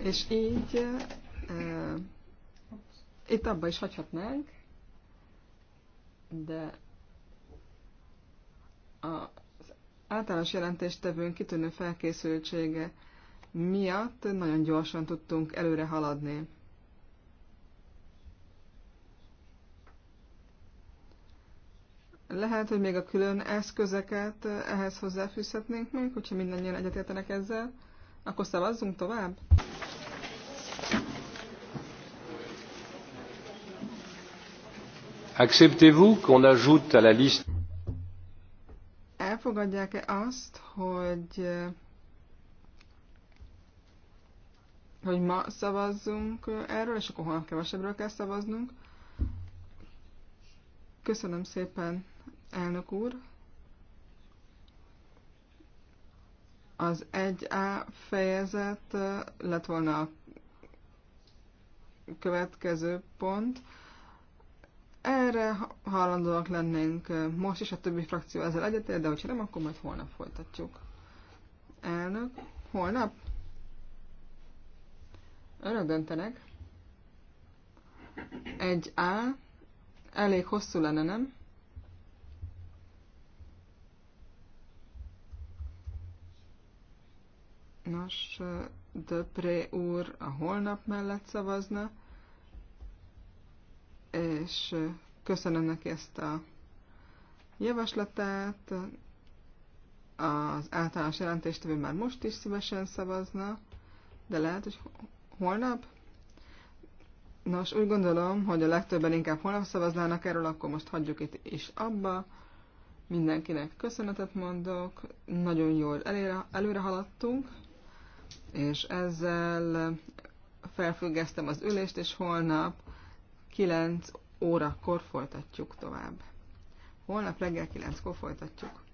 D: És így uh, itt abba is hagyhatnánk, de az általános jelentéstevőnk kitűnő felkészültsége miatt nagyon gyorsan tudtunk előre haladni. Lehet, hogy még a külön eszközeket ehhez hozzáfűzhetnénk még, hogyha mindannyian egyetértenek ezzel, akkor szavazzunk tovább.
B: acceptez vous qu'on ajoute à la liste
D: elfogadják-e azt, hogy eh, hogy ma szavazzunk eh, erről, és akkor holnap kevesebbről kell szavaznunk. Köszönöm szépen, elnök úr. Az 1A fejezet eh, lett volna a következő pont. Erre hajlandóak lennénk most is, a többi frakció ezzel egyetért, de hogyha nem, akkor majd holnap folytatjuk. Elnök, holnap? Önök döntenek. Egy a Elég hosszú lenne, nem? Nos, Döpré úr a holnap mellett szavazna és köszönöm neki ezt a javaslatát. Az általános jelentéstevő már most is szívesen szavazna, de lehet, hogy holnap? Nos, úgy gondolom, hogy a legtöbben inkább holnap szavaznának erről, akkor most hagyjuk itt is abba. Mindenkinek köszönetet mondok, nagyon jól előre, előre haladtunk, és ezzel felfüggesztem az ülést, és holnap 9 órakor folytatjuk tovább. Holnap reggel 9-kor folytatjuk.